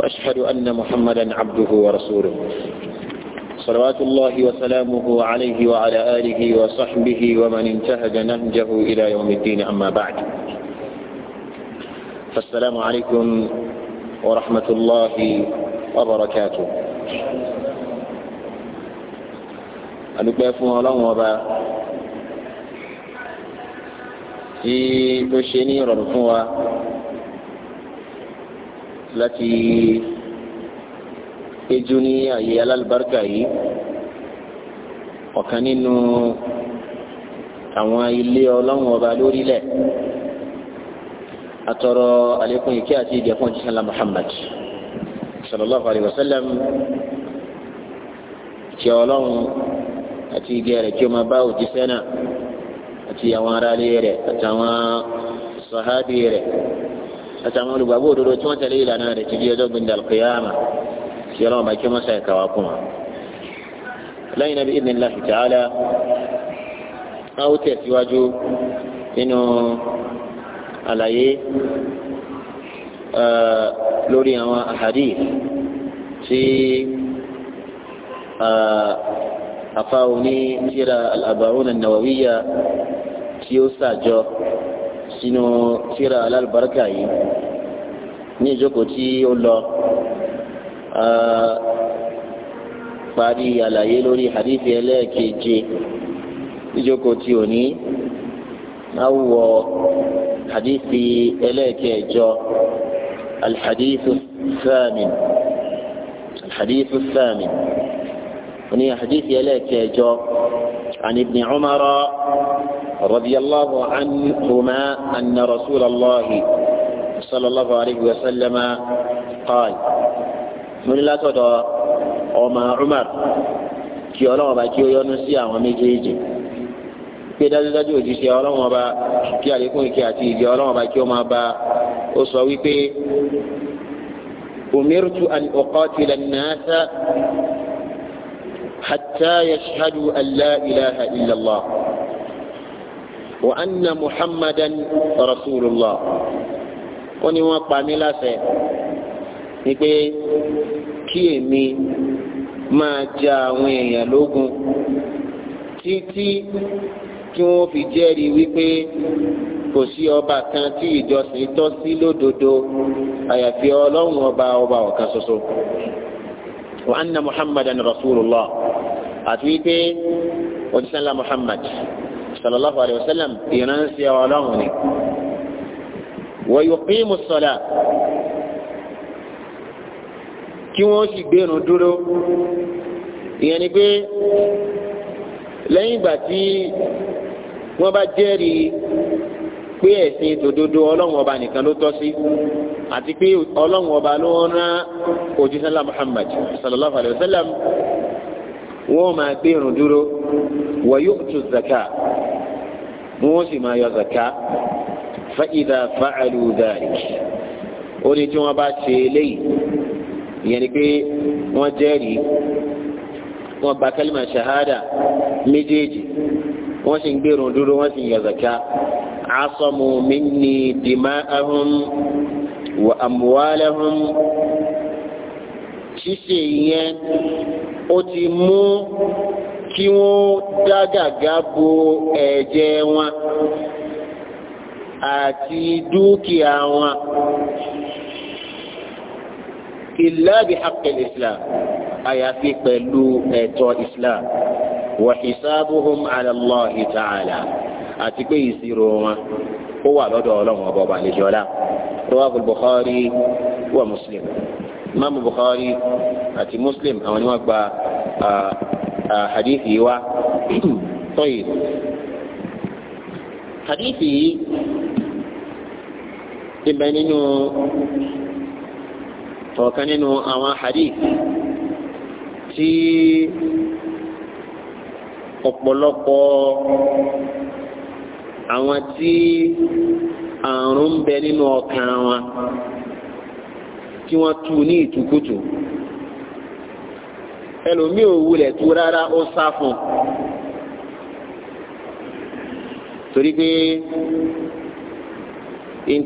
وأشهد أن محمدا عبده ورسوله صلوات الله وسلامه عليه وعلى آله وصحبه ومن انتهج نهجه إلى يوم الدين أما بعد فالسلام عليكم ورحمة الله وبركاته أدوكي الله وبا في تشيني رفوة láti péjú ní àyè alálùbáríkà yìí ọ̀kan nínú àwọn ilé ọlọ́run ọba lórílẹ̀ atọrọ àlékún ìkẹ́ àti ìdẹ̀kùn òjíṣẹ́ ńlá Muhammad sallallahu alayhi wa sallam ti ọlọ́run àti ìgẹ̀ rẹ̀ kí o máa bá òjíṣẹ́ náà àti àwọn aráalé rẹ̀ àtàwọn sàhábì rẹ̀. àtàwọn olùgbàgbọ́ dodo tí wọ́n tẹ̀lé ìlànà rẹ̀ ti di ọjọ́ gbẹ̀ndà alqiyama tí ọlọ́run bá kí wọ́n sàyẹ̀ kàwá fún wa. lẹ́yìn náà bí idhni Allah ta'ala a ó tẹ̀síwájú inu àlàyé lórí àwọn ahadith tí afáwọn ní tíra al-arba'un an-nawawiyya tí ó sàjọ. sínú tírà alálùbáríkà yìí ní ìjókòó tí ó lọ parí àlàyé lórí hadithi ẹlẹ́ẹ̀keje níjókòó tí ò ní awọ hadithi ẹlẹ́ẹ̀kẹjọ alhadithu thamin alhadithu thamin oní hadithi ẹlẹ́ẹ̀kẹjọ عن ابن عمر رضي الله عنهما أن رسول الله صلى الله عليه وسلم قال من لا تدع أما عمر كي الله أبا كي ينسي أما ميجيجي كي دل دل دل جيسي الله أبا كي عليكم كي أتي كي الله أبا كي أما أبا أصوي بي أمرت أن أقاتل الناس حتى يشهدوا أن لا إله إلا الله wa anna muhammadan rasulullah ó ní wọ́n pa mí láṣẹ ni pé kí èmi máa ja àwọn èèyàn lógun títí kí wọ́n fi jẹ́rìí wípé kò sí ọba kan tí ìjọsìn tọ́ sí lódodo àyàfi ọlọ́run ọba ọba ọ̀kan ṣoṣo wa anna muhammadan rasulullah àti wípé òjíṣẹ́ ńlá muhammad sallallahu alayhi wa sallam ìránṣẹ́ ọlọ́run ni wa yuqimu sọ̀lá kí wọ́n sì gbérun dúró ìyẹn ni pé lẹ́yìn ìgbà tí wọ́n bá jẹ́rìí pé ẹ̀sìn tòdodo ọlọ́run ọba nìkan ló tọ́ sí àti pé ọlọ́run ọba ló ń rán òjísàlá muhammad sallallahu alayhi wa sallam wọ́n máa gbérun dúró wa yu'tu zaka wọ́n sì máa yọ zaka fa idha fa'alu dhalik ó ní tí wọ́n bá ṣe eléyìí ìyẹn ni pé wọ́n jẹ́rìí wọ́n gba kálímà ṣahada méjèèjì wọ́n sì ń gbèrò dúró wọ́n sì ń yọ zaka asamu minni dima'ahum wa amwalahum ṣíṣe ìyẹn ó ti mú kí wọ́n dá gàgá bo ẹ̀jẹ̀ wọn àti dúkìá wọn illa bi haqqil islam àyàfi pẹ̀lú ẹ̀tọ́ islam wa hisabuhum ala Allahi ta'ala àti pé ìṣirò wọn ó wà lọ́dọ̀ ọlọ́run ọba ọba àlejò ọlá rawahu Bukhari wa Muslim imaamu Bukhari àti Muslim àwọn ni wọ́n gba hadithi wa tọ́yì hadithi yìí ti bẹ nínú ọ̀kan nínú àwọn hadith tí ọ̀pọ̀lọpọ̀ àwọn tí àrùn ń bẹ nínú ọkàn wọn tí wọ́n tú ní ìtukùtù. ẹlòmíì ò wulẹ̀ tu rárá ó sá fún un torí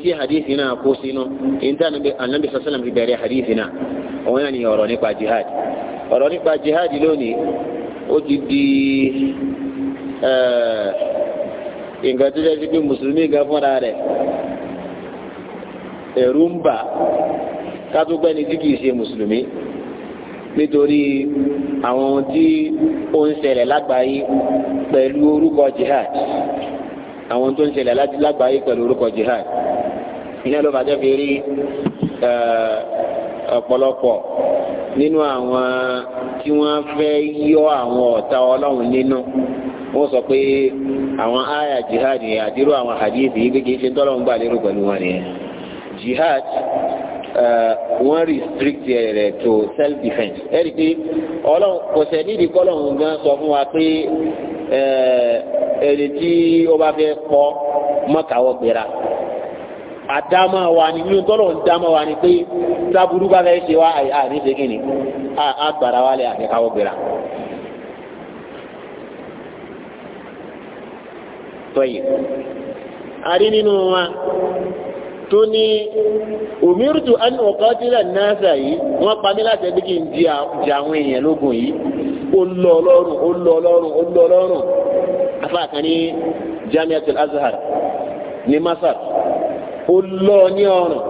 pé hadithi náà kó sínú ntí anabi sọsọlá bẹ̀rẹ̀ hadithi náà òun náà ni ọ̀rọ̀ nípa jihad ọ̀rọ̀ nípa jihad lónìí ó ti di eh, nǹkan tó dẹ́sí pé mùsùlùmí gan fúnra rẹ̀ nítorí àwọn ohun tí ó ń ṣẹlẹ̀ lágbàáyé pẹ̀lú orúkọ jihad àwọn tó ń ṣẹlẹ̀ lágbàáyé pẹ̀lú orúkọ jihad iná ló fàájọ́ fi rí eh, ọ̀pọ̀lọpọ̀ nínú àwọn tí wọ́n fẹ́ yọ àwọn ọ̀tá ọlọ́run nínú wọ́n sọ pé àwọn àyà jihad yẹn àdírò àwọn hadith yìí pé kì í ṣe tọ́lọ́run gbà lérò pẹ̀lú wọn nìyẹn jihad Uh, wọ́n restrict rẹ̀ to self defence ẹ rí i pé ọlọ́run kò sẹ́ nídìí kọ́lọ́run gan sọ fún wa pé uh, ẹni tí ó bá fẹ́ pọ́ mọ́kàwọ́ gbéra àdámọ́ wa ni nínú tọ́lọ̀ ń dámọ́ wa ni pé sábúrú bá fẹ́ ṣe wá àní ṣe kí ni àgbàrá wa lẹ àfẹ́káwọ́ gbéra. tọ́yì a rí nínú wa tó ní òmírùtù ẹni ọ̀kọ́dílà náàsà yìí wọ́n pa mí láti ẹbí kí n di àwọn èèyàn lógun yìí ó lọ ọlọ́run ó lọ ọlọ́run ó lọ ọlọ́run afáàkan ní jamiat al-azhar ní masar ó lọ ní ọrùn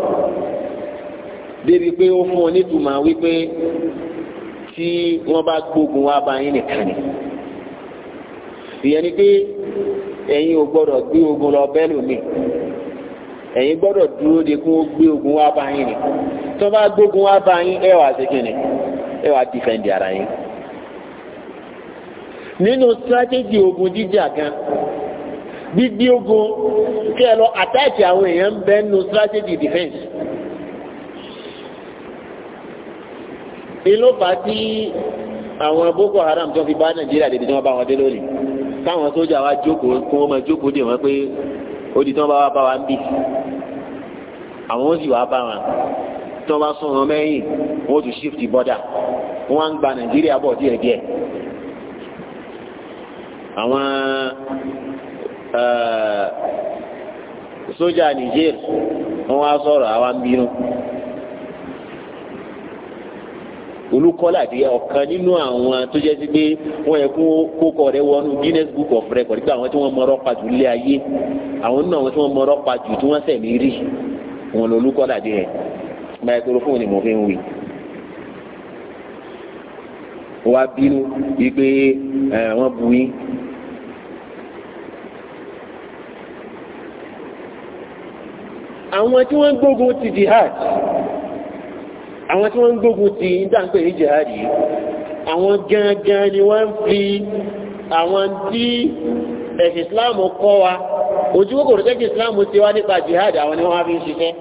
débi pé ó fún ọ nítumọ̀ wípé tí wọ́n bá gbógun wá bá yín nìkan ni ìyẹn ni pé ẹ̀yin ò gbọ́dọ̀ gbé ogun lọ bẹ́ẹ̀ lómi ẹ̀yin gbọ́dọ̀ dúró de kí wọ́n gbé ogun wá bá yín ni tó bá gbógun wá bá yín ẹ wà ṣe kíni ẹ wà dìfẹ̀ǹdì ara yín. nínú strategy ogun jíjà gan gbígbé ogun kí ẹ lọ àtàkì àwọn èèyàn ń bẹ nínú strategy defence. ìlú tí àwọn Boko Haram tó fi bá Nàìjíríà dèdè tí wọ́n bá wọn dé lónìí táwọn sójà wa jókòó kí wọ́n máa jókòó dè wọ́n pé odi tí wọ́n bá wá bá wa ń bì àwọn ó sì wá bá wọn tí wọ́n bá sún wọn mẹ́yìn wọ́n ó tún shift border wọ́n á ń gba nàìjíríà bọ̀ díẹ̀ díẹ̀ àwọn eh, sójà Niger wọ́n wá sọ̀rọ̀ àwa bínú olùkọ́ládé ọ̀kan nínú àwọn tó jẹ́ sí pé wọ́n yẹ kó kókọ rẹ wọnú guinness book of record pé àwọn tí wọ́n mọ̀rọ̀ pàjù lé ayé àwọn nínú àwọn tí wọ́n mọ̀rọ̀ pàjù tí wọ́n sẹ̀mí rí wọn lọ olùkọ́ládé yẹn microphone ni mo fi ń wí. wá bínú wípé wọ́n bu yín. àwọn tí wọ́n gbógun ti jihad àwọn tí wọ́n ń gbógun ti dáńpẹ̀ ní jihadi àwọn gangan ni wọ́n ń fi àwọn tí ẹ̀sìn islam kọ́ wa ojú kòkòrò tẹ́kì islam ti wá nípa jihad. àwọn ni wọ́n fi ń ṣiṣẹ́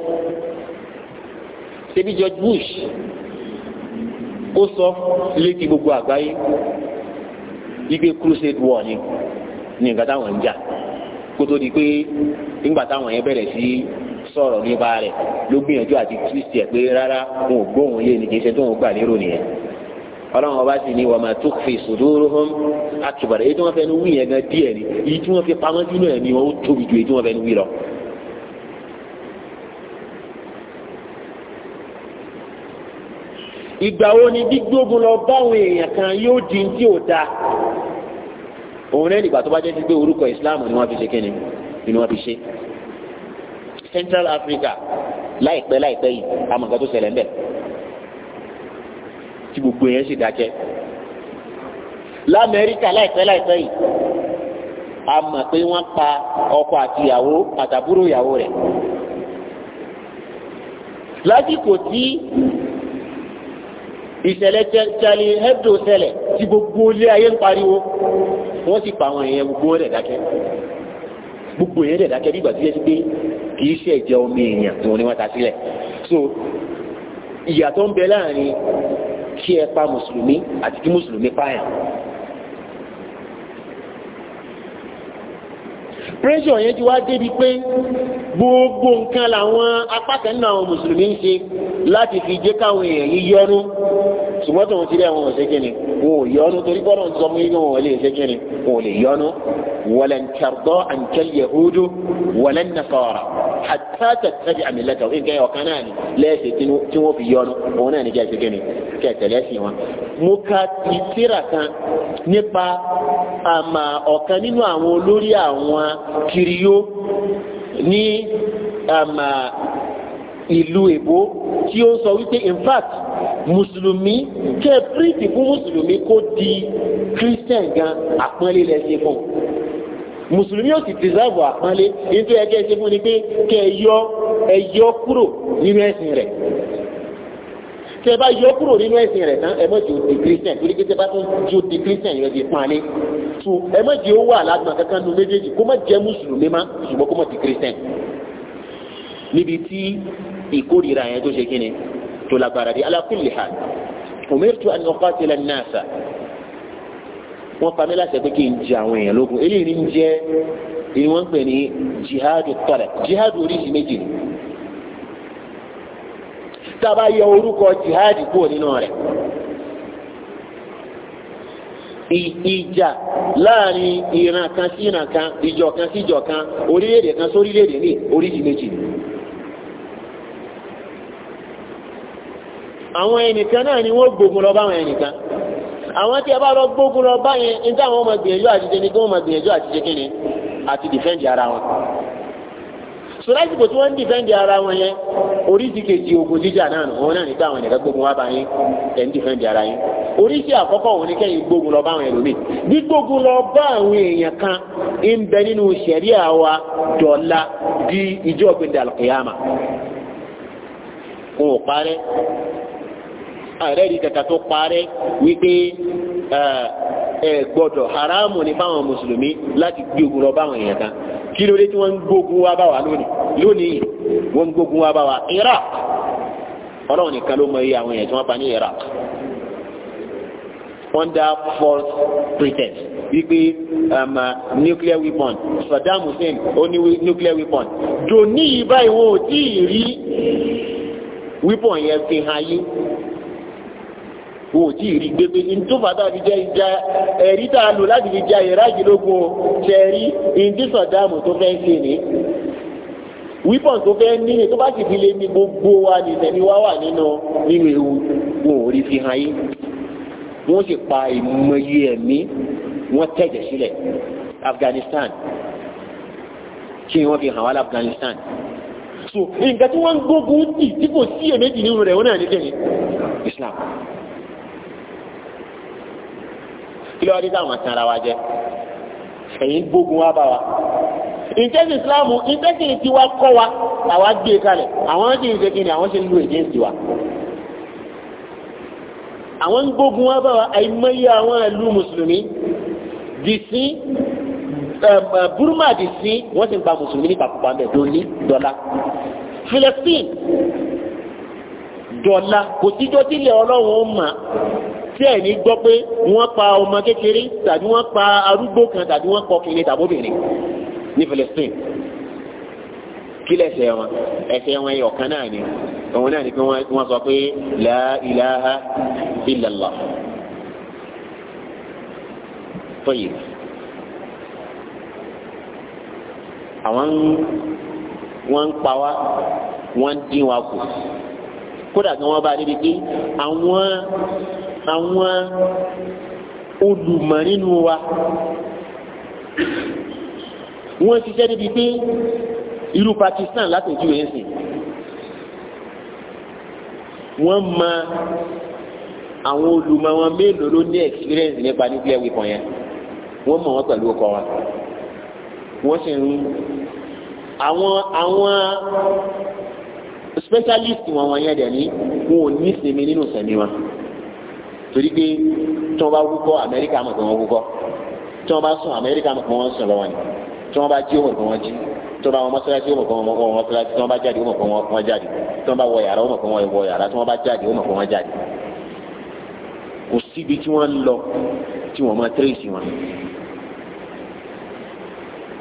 ṣebí George Bush ó sọ létí gbogbo àgbáyé igbe crusade war ni ní nǹkan táwọn ń jà kó tó di pé nígbà táwọn yẹn bẹ̀rẹ̀ sí sọ̀rọ̀ nípa rẹ̀ ló gbìyànjú àti twist ẹ̀ pé rárá wọn ò gbóhùn yé ni kì í ṣe tó ń gbà lérò nìyẹn ọlọ́run ọba sì ni wa ma tukhfi suduruhum akbar èyí tí wọ́n fẹ́ wí yẹn gan díẹ̀ ni èyí tí wọ́n fi pamọ́ sínú ẹ̀ ni wọ́n ó tóbi ju èyí tí wọ́n fẹ́ nu wí lọ. ìgbà wo ni gbígbógun lọ báwọn èèyàn kan yóò di tí ò da òun náà nígbà tó bá jẹ́ sí pé orúkọ ìsìláàmù ni wọ́n fi ṣe kíni ni wọ́n fi ṣe Central Africa láìpẹ́ láìpẹ́ yìí àmọ́ nǹkan tó ṣẹlẹ̀ ń bẹ̀ tí gbogbo yẹn sì dákẹ́ lamẹ́ríkà láìpẹ́ láìpẹ́ yìí a mọ̀ pé wọ́n pa ọkọ àti ìyàwó àtàbúrò ìyàwó rẹ̀ lásìkò tí ìṣẹ̀lẹ̀ Charlie Hebdo ṣẹlẹ̀ tí gbogbo ilé ayé ń pariwo wọ́n sì pa àwọn èèyàn gbogbo rẹ̀ dákẹ́ gbogbo èèyàn rẹ̀ dákẹ́ bí ìgbà tí yẹn ti pé kì í ṣẹ̀jẹ̀ ọmọ èèyàn tí wọ́n ní wọ́n ta sílẹ̀ so ìyàtọ̀ ń bẹ láàrin kí ẹ pa mùsùlùmí àti kí mùsùlùmí pààyàn. pressure yẹn ti wá débi pé gbogbo nǹkan làwọn apákan náà àwọn mùsùlùmí ń ṣe láti fi jẹ́ káwọn èèyàn yí yọnu ṣùgbọ́n tòun ti rí àwọn ọ̀sẹ̀ kìíní wọn ò yọnu torí bọ́lá ń sọ mú inú wọn lè ṣe kìíní wọn ò lè yọnu walan tarda ankal yahudu walan nasara hatta tattabi'a millatahu nǹkan ẹ̀yọ̀ kan náà ni lẹ́ẹ̀sì tí wọ́n fi yọnu òun náà ní kí ẹ ṣe kíni kí ẹ tẹ̀lé ẹ̀sìn wọn. mo ka ti tírà kan nípa àmà ọ̀kan nínú àwọn olórí àwọn kiriyó ní àmà ìlú èbó tí ó sọ wípé in fact mùsùlùmí kẹ́ẹ̀ pírìtì fún mùsùlùmí kó di kírísítẹ̀n gan àpọ́nlé fún mùsùlùmí ò sì preserve àpọ́nlé nítorí ẹgbẹ́ ṣe fún ni pé kẹ ẹ yọ ẹ yọ kúrò nínú ẹ̀sìn rẹ̀ tẹ bá yọ kúrò nínú ẹ̀sìn rẹ̀ tán ẹ mọ̀ jẹ́ òdì christian torí pé tẹ bá tún jẹ́ òdì christian yẹn ti pọ́nlé so ẹ mọ̀ jẹ́ ó wà lágbọ̀n kankan nu méjèèjì kó má jẹ́ mùsùlùmí má ṣùgbọ́n kó má ti christian níbi tí ìkórìíra yẹn tó ṣe kí ni tó lágbára di ala kulli hal umirtu an uqatila an-nasa wọn pa mí láṣẹ pé kí n jẹ àwọn èèyàn lógun eléyìí ń jẹ́ èyí wọ́n ń pè ní jihadu talab jihadu oríṣi méjì ni tá a bá yọ orúkọ kúrò nínú ìjà láàrin ìran kan sí ìran kan ìjọ kan sí ìjọ kan orílẹ̀-èdè kan sí orílẹ̀-èdè ní oríṣi méjì ni. àwọn ẹnìkan náà ni wọ́n gbogbo lọ báwọn ẹnìkan. àwọn tí ẹ bá lọ gbógun lọ báyẹn ní táwọn ọmọ gbìyànjú àtijọ́ ni kí wọ́n mọ gbìyànjú àtijọ́ kí ni àti dìfẹ́ǹdì ara wọn. sọ lásìkò tí wọ́n ń dìfẹ́ǹdì ara wọn yẹn oríṣi kejì ogun jíjà náà nù wọn náà ní táwọn ẹ̀ka gbógun wá bá yín ẹ̀ ń dìfẹ́ǹdì ara yín. oríṣi àkọ́kọ́ òun ni kẹ́yìn gbógun lọ bá àwọn ẹlòmíì gbígbógun lọ bá àwọn èèyàn kan ń bẹ nínú ṣẹ̀ríà wa dọ̀la di ìjọ́ gbẹ̀dẹ̀ àlùkìyàmà àrẹ́rì kẹta tó parẹ́ wípé ẹ gbọ́dọ̀ haramu ni fáwọn mùsùlùmí láti gbé ogun lọ báwọn èèyàn kan kí ló dé tí wọ́n ń gbógun wá bá wa lónìí lónìí wọ́n ń gbógun wá bá wa Iraq ọlọ́run nìkan ló mọ iye àwọn èèyàn tí wọ́n pa ní Iraq under false pretext wípé um, uh, nuclear weapon Saddam Hussein ó ní nuclear weapon dòní ìbáyìí wọn ò tí ì rí weapon yẹn fi hàn yín o ò tí ì rí gbégbé ntòfà tàbí jẹ́ ìjà ẹ̀rí tá láti fi ja ìrájì lógun o ṣe rí ìdísọ̀dáàmù tó fẹ́ ń ṣe ni wípọ̀n tó fẹ́ ní ni tó bá sì fi lé ní gbogbo wa ní ìtẹ̀mí wa wà nínú nínú ewu wọn ò rí fi hàn yín wọ́n sì pa ìmọye ẹ̀mí wọ́n tẹ̀jẹ̀ sílẹ̀ Afghanistan kí wọ́n fi hàn wá Afghanistan so nǹkan tí wọ́n gbógun tì tí kò sí èméjì nínú rẹ̀ wọ́n náà ní kẹ́yìn Islam. kí ló wá dé táwọn tan wa jẹ ẹ̀yin gbógun wá bá wa ìtẹ́sí ìsìláàmù ìtẹ́sí ti wá kọ́ wa làwa gbé e kalẹ̀ àwọn ṣe ń kí ni àwọn ṣe ń lu èdè sí wa àwọn ń gbógun wá bá wa àìmọye àwọn ìlú mùsùlùmí dìsí Burma dìsí wọ́n ti ń pa mùsùlùmí ní pàpàpà mẹ́ lórí dọ́là Philippines dọ́là kò síjọ́ tí ilẹ̀ ọlọ́run ó mà tí ẹ̀ ní gbọ́ pé wọ́n pa ọmọ kékeré tàbí wọ́n pa arúgbó kan tàbí wọ́n kọ kiri tàbóbìnrin ní Palestine kí lẹ́sẹ̀ wọn ẹsẹ̀ wọn yọ kan náà ni òun náà ni pé wọ́n sọ pé la ilaha illallah tọ́yì àwọn wọ́n ń pa wá wọ́n ń dín wa kù kódà kí wọ́n bá débi pé àwọn àwọn olùmọ̀ nínú wa wọ́n ṣiṣẹ́ níbi pé irú Pakistan látòjú ẹ̀ sìn wọ́n ma àwọn olùmọ̀ wọn mélòó ló ní experience nípa nuclear weapon yẹn wọ́n mọ̀ wọ́n pẹ̀lú ọkọ̀ wa wọ́n sì ń àwọn àwọn specialist wọn wọ̀nyẹn dẹ̀ ní wọn ò ní sinmi nínú sẹ̀mí wọn torí pé tí wọ́n bá wúkọ́ amẹ́ríkà mọ̀ pé wọ́n wúkọ́ tí wọ́n bá sùn amẹ́ríkà mọ̀ pé wọ́n sùn lọ́wọ́ ni tí wọ́n bá jí ó pé wọ́n jí tí wọ́n bá wọn mọ́sálásí ó pé wọ́n wọ́n mọ́sálásí tí wọ́n bá jáde ó pé wọ́n jáde tí wọ́n bá wọ yàrá ó pé wọ́n wọ yàrá tí wọ́n bá jáde ó pé wọ́n jáde kò síbi tí wọ́n lọ tí wọ́n máa tírèsì wọn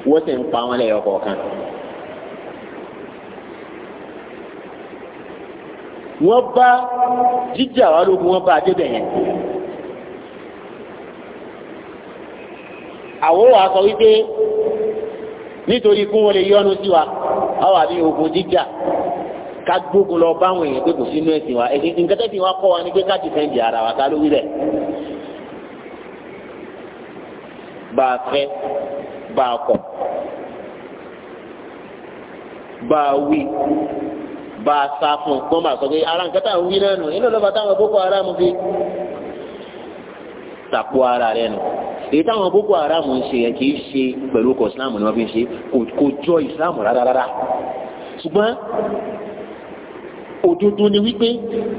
wọ́n sì ń pa wọn lẹ́yọ̀ kọ̀ọ̀kan wọ́n bá jíjà wà lógun wọ́n bá adébẹ̀ yẹn. àwọn wà sọ wípé nítorí kún wọn lè yọnu sí wa àwọn àbí ogun jíjà ká gbógun lọ báwọn èèyàn pé kò sínú ẹ̀sìn wa ẹ̀sìn nǹkan tẹ́sí wa kọ́ wa ní pé ká dìfẹ́ǹdì ara wa ká ló wí bá a fẹ́ bá a kọ̀ bá a wí bá a sá fún un kó máa sọ pé ara nǹkan tá à ń wí náà nù inú ló bá táwọn boko haram fi sàpò ara rẹ nù èyí táwọn boko haram ń ṣe yẹn kì í ṣe pẹ̀lú ọkọ̀ islam ni wọ́n fi ń ṣe kò jọ islam rárá ṣùgbọ́n òdodo ni wípé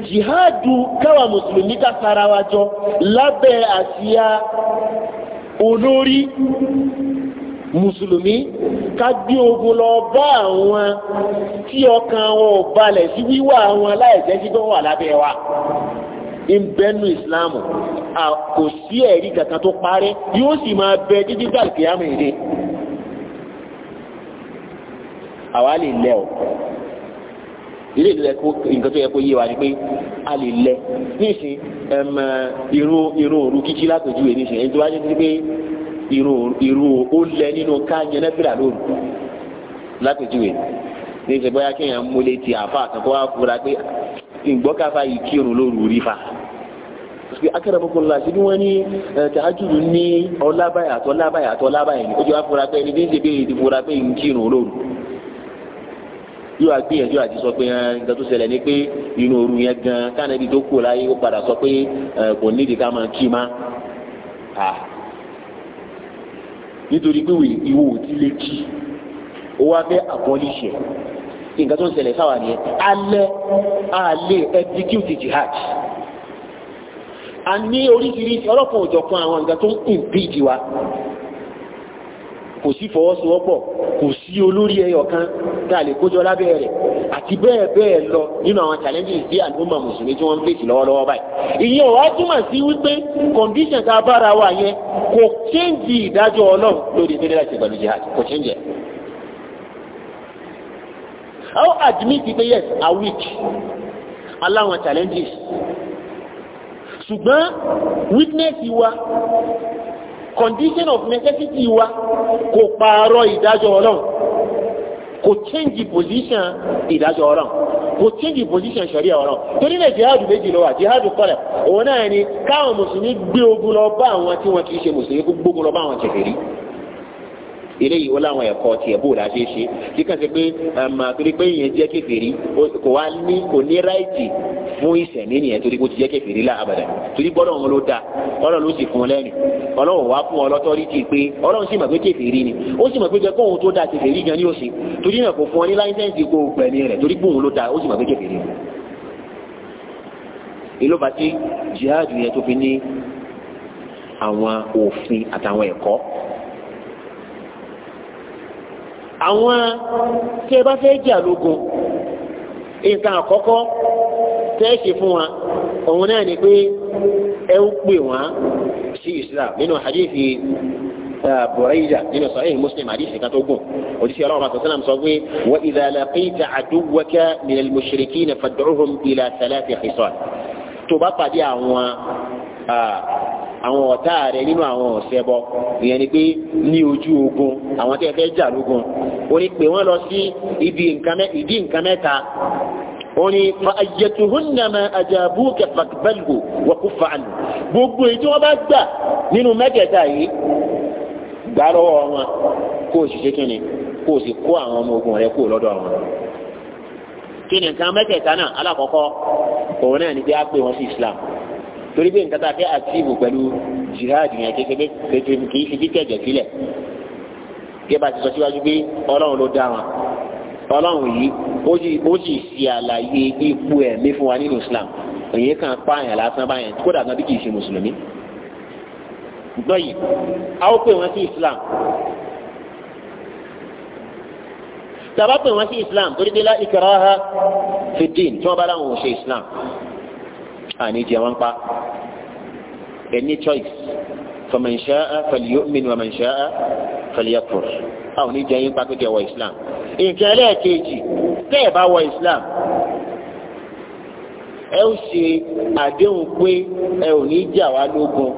jihadu káwa mùsùlùmí ká sara wa jọ lábẹ́ àsíá olórí mùsùlùmí ká gbé ogun lọ bá àwọn tí ọkàn wọn ò balẹ̀ sí wíwà wọn láì jẹ́ sí pé wọ́n wà lábẹ́ wa ìbẹ́nu ìsìláàmù kò sí ẹ̀rí kankan tó parẹ́ yóò sì máa bẹ títí gbàgbé àmì ìdè àwa lè lẹ o ilé ìlú ẹ̀kọ́ nǹkan tó yẹ kó yé wa ni pé a lè lẹ nísìn irun òru kíkí látòjú ẹ nísìn ẹni tó wá ní pé irú irú ó lẹ nínú ká yẹn fìlà lóru lápèjúwe ní ìṣe bóyá kéèyàn múlé ti àfa àkànkọ́ wa fura pé ìgbọ́kàfà yìí kírun lóru rí fa pé akẹ́rẹ́mọ́kùnrin la ṣe bí wọ́n ní tàájùlù ní ọlábàyà àti ọlábàyà àti ọlábàyà ni ó jẹ́ wá fura pé ẹni bí ń ṣe béèrè ti fura pé ń kírun lóru yóò wá gbìyànjú àti sọ pé nǹkan tó ṣẹlẹ̀ ni pé inú òru yẹn gan káàdé tó kù láyé ó padà sọ pé kò nídìí ká máa kí má nítorí pé ìwò ti lè kí ó wá fẹ́ àbọ́líṣẹ̀ nǹkan tó ń ṣẹlẹ̀ sáwà alẹ́ alẹ́ execute jihad a ní oríṣiríṣi ọlọ́pàá òjọ̀ fún àwọn nǹkan tó ń wa kò sí fọwọ́sowọ́pọ̀ kò sí olórí ẹyọ kan tá a lè kójọ lábẹ́ rẹ̀ àti bẹ́ẹ̀ bẹ́ẹ̀ lọ nínú àwọn challenges sí àdúgbò mùsùlùmí tí wọ́n ń fèsì lọ́wọ́lọ́wọ́ báyìí. ìyẹn wàá túmọ̀ sí wípé condition tá a bára wa yẹn kò change ìdájọ́ ọlọ́run lórí ìpínlẹ̀ láti pẹ̀lú jihad kò change ẹ̀. admit pé yes a weak aláwọn challenges ṣùgbọ́n witness wa condition of necessity wa kò pààrọ̀ ìdájọ́ ọlọ́run kò change position ìdájọ́ ọ̀rọ̀ kò change position ṣẹ̀ríà ọ̀rọ̀ torí náà jihadu méjì ló wà jihadu kọ́lẹ̀ òun náà ni káwọn mùsùlùmí gbé ogun lọ bá àwọn tí wọn kì í ṣe mùsùlùmí gbógun lọ bá àwọn kèfèrí eléyìí wọ́n láwọn ẹ̀kọ́ tiẹ̀ bó la ṣe ṣe kí kàn ṣe pé àmà torí pé ìyẹn jẹ́ kèfèrí kò wá ní kò ní ráìtì fún ìsẹ̀mí nìyẹn torí kò ti jẹ́ kèfèrí la abàdà torí bọ́dọ̀ wọn ló da ọlọ́run ló sì fún lẹ́nu ọlọ́run wá fún ọlọ́tọ́rìtì pé ọlọ́run sì mọ̀ pé kèfèrí ni ó sì mọ̀ pé jẹ́ kóhun tó da kèfèrí gan ni ó ṣe torí náà kò fún ọ ní láńsẹ̀ǹsì kó gbẹ̀mí rẹ̀ torí pé òun ló da ó sì mọ̀ pé kèfèrí ni ìlú bá ti jihad yẹn tó fi ní àwọn òfin àtàwọn ẹ̀kọ́ àwọn tí ẹ bá fẹ́ jà lógun nǹkan àkọ́kọ́ tẹ́ ẹ ṣe fún wa òun náà ni pé ẹ ń pè wọ́n sí Islam nínú hadithi uh, Burayda nínú Sahih Muslim hadithi kan tó gùn òjíṣẹ́ ọlọ́run àti sọ́nà sọ pé wa idha laqita aduwwaka minal mushrikina fad'uhum ila thalathi tó bá pàdé àwọn uh, àwọn ọ̀tá rẹ nínú àwọn ọ̀ṣẹbọ ìyẹn ni pé ní ojú ogun àwọn tẹ́ fẹ́ jà lógun ó ní pè wọ́n lọ sí ibi nǹkan mẹ́ta ó ní fa ayyatuhunna ma ajabuka faqbalhu wa gbogbo èyí tí wọ́n bá gbà nínú mẹ́tẹ̀ẹ̀ta yìí gbà lọ́wọ́ wọn kó o sì ṣe kí ni kó o sì kó àwọn ọmọ ogun rẹ kó o lọ́dọ̀ wọn kí ni nǹkan mẹ́tẹ̀ẹ̀ta náà alákọ̀ọ́kọ́ òun náà ni pé á pè wọ́n sí Islam torí pé nǹkan tá a fẹ́ àtìwò pẹ̀lú jihad yẹn kékeré kékeré kì í fi kíkẹ́ ẹ̀jẹ̀ sílẹ̀ kí ẹ bá ti sọ síwájú pé ọlọ́run ló dá wọn ọlọ́run yìí ó sì ṣe àlàyé ipò ẹ̀mí fún wa nínú Islam èyí kan pààyàn lásán báyẹn kódà náà bí kì í ṣe mùsùlùmí gbọ́ yìí a ó pè wọ́n sí Islam tàbá pè wọ́n sí Islam torí pé lá ìkàrà ha fi dín tí wọ́n bá láwọn ò ṣe Islam àní jẹ wọn pa any choice faman sha'a falyu'min wa man sha'a falyakfur àwọn oníjẹ yín pa kékeré wọ islam nǹkan ẹlẹ́ẹ̀kejì tẹ́ ẹ̀ bá wọ islam ẹ ó ṣe àdéhùn pé ẹ ò ní jà wá lógun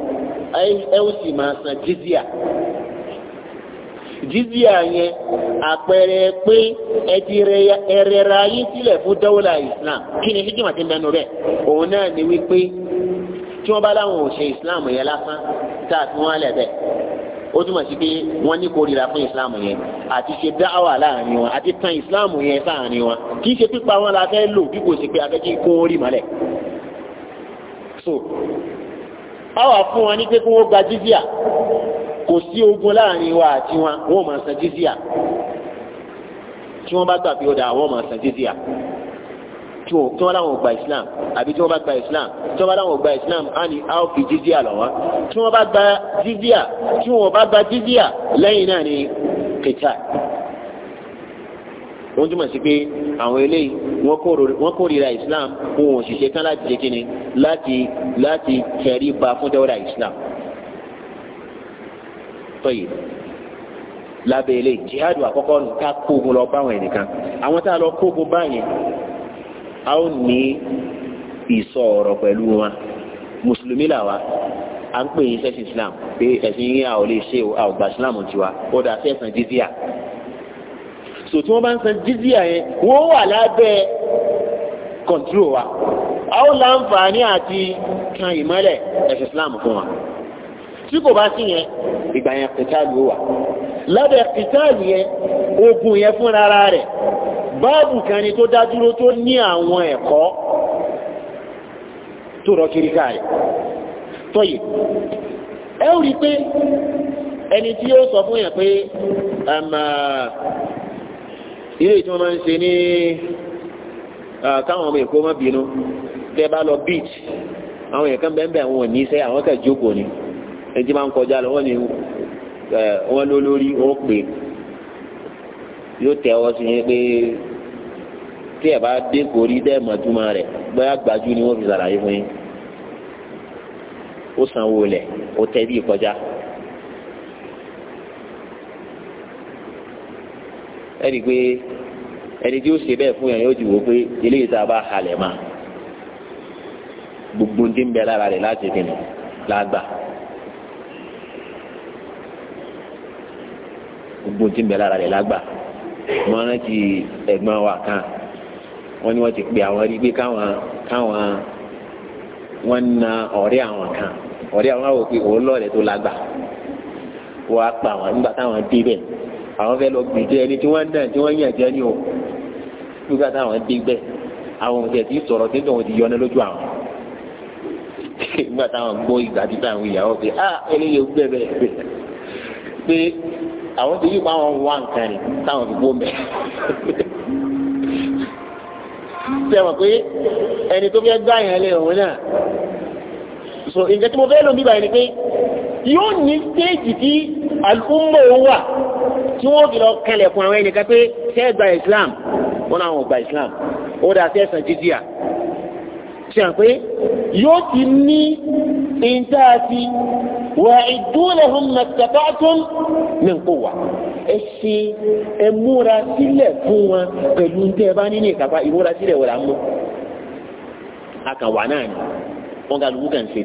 ẹ ó sì máa san jizya jizya yẹn àpẹẹrẹ pé ẹti ẹrẹra yín sílẹ̀ fún dawla islam kí ni hikima ti mẹ́nu rẹ̀ òun náà ni wípé tí wọ́n bá láwọn ò ṣe islam yẹn lásán tá a fi wọ́n lẹ̀ bẹ́ẹ̀ ó túmọ̀ sí pé wọ́n ní kórìíra fún islam yẹn àti ṣe dáwà láàrin wọn àti tan islam yẹn sáàrin wọn kì í ṣe pípa wọn la fẹ́ lò bí kò sí pé afẹ́kí kó rí mọ́lẹ̀ so a wà fún wọn ní pé kí wọ́n gba jizya kò sí ogun láàrin wa àti wọn wọn ò máa san jizíà tí wọ́n bá gbà pé ó dà wọ́n ò máa san jizíà tí wọ́n láwọn gba islam àbí tí wọ́n bá gba islam tí wọ́n bá láwọn gba islam á ní a ó fi jizíà lọ́wọ́ tí wọ́n bá gba jizíà tí wọ́n bá gba jizíà lẹ́yìn náà ni kẹta wọ́n túmọ̀ sí pé àwọn eléyìí wọ́n kórìíra islam wọn ò sì ṣe tán láti ṣe kíni láti láti tẹ̀rí ba fún dẹ́wọ́dà islam tayyib lábẹ́ ilé jihadu àkọ́kọ́ ní ká kógun lọ bá àwọn ẹnìkan àwọn tá a lọ kógun báyìí a ó ní ìsọ pẹ̀lú wọn mùsùlùmí làwa à ń pè yín sẹ́sì islam pé ẹ̀sìn yín a ò lè ṣe a ò islam tiwa ó dà sí ẹ̀sán jizíà so tí wọ́n bá ń san jizíà yẹn wọ́n wà lábẹ́ kọ̀ǹtúrò wa a ó láǹfààní àti kan ìmọ́lẹ̀ ẹ̀sìn islam fún wa tí kò bá sí yẹn ìgbà yẹn kìtàlù wà lábẹ́ kìtàlù yẹn ogun yẹn fúnra ara rẹ̀ báàbù kan ni tó dádúró tó ní àwọn ẹ̀kọ́ tó rọ kiri káàrẹ̀ tọ́yì ẹ rí pé ẹni tí ó sọ fún yẹn pé ilé tí máa ń ṣe ní káwọn ọmọ èkó mọ́ bínú tẹ́ bá lọ beach àwọn èèyàn kan bẹ́ẹ̀ bẹ́ẹ̀ wọn ò ní iṣẹ́ àwọn kẹ̀ jókòó ni ẹni tí máa ń kọjá lọ wọ́n ní wọ́n ló lórí ó pè yóò tẹ ọ sí yẹn pé tí ẹ bá dé kórí dẹ́ mọ̀túmọ̀ rẹ̀ bóyá gbájú ni wọ́n fi ṣàlàyé fún yín ó sanwó lẹ̀ ó tẹ́ bí kọjá. ẹni pé ẹni tí ó ṣe bẹ́ẹ̀ fún yàn yóò ti wò pé eléyìí tá a bá halẹ̀ mọ́ gbogbo ń dín lára rẹ̀ láti dènà lágbàá. gbogbo tí ń bẹ lára rẹ̀ lágbà mo rántí ẹ̀gbọ́n wa kan wọ́n ní wọ́n ti pè àwọn rí pé káwọn káwọn wọ́n na ọ̀rẹ́ àwọn kan ọ̀rẹ́ àwọn àwọn pé òun lọ́ọ̀rẹ́ tó lágbà wọ́n á pa àwọn nígbà táwọn débẹ̀ àwọn fẹ́ lọ gbèjẹ́ ẹni tí wọ́n ń dàn tí wọ́n yàn jẹ́ ni o nígbà táwọn débẹ̀ àwọn òun tẹ̀ ti sọ̀rọ̀ tí tóun ti yọ ní lójú àwọn nígbà táwọn gbọ́ ìgbà títà àwọn ìyàwó pé ah eléyìí ó gbẹ bẹ́ẹ̀ pé àwọn ti yí pa àwọn wá nǹkan rìn táwọn fi gbó mẹ sẹ́wọ̀n pé ẹni tó fẹ́ gbá yẹn lé òun náà so nǹkan tí mo fẹ́ lò nígbà yẹn ni pé yóò ní stéèjì tí alùpùpù òun wà tí wọ́n fi lọ kẹlẹ̀ fún àwọn ẹnìkan pé ṣé gba Islam wọn náà wọn gba Islam ó dà sẹ́sàn jíjìyà fi hàn pé yóò ti ní ìntáàtì wà ìdúnlẹ̀hún mẹ́tẹ̀tọ́tún ní kòwà ẹ ṣe ẹ múra sílẹ̀ fún wọn pẹ̀lú tẹ́ bá nínú ìkàpá ìmúra sílẹ̀ wọ́n mú akàwà náà ni wọ́n ga lùkú kàn ṣe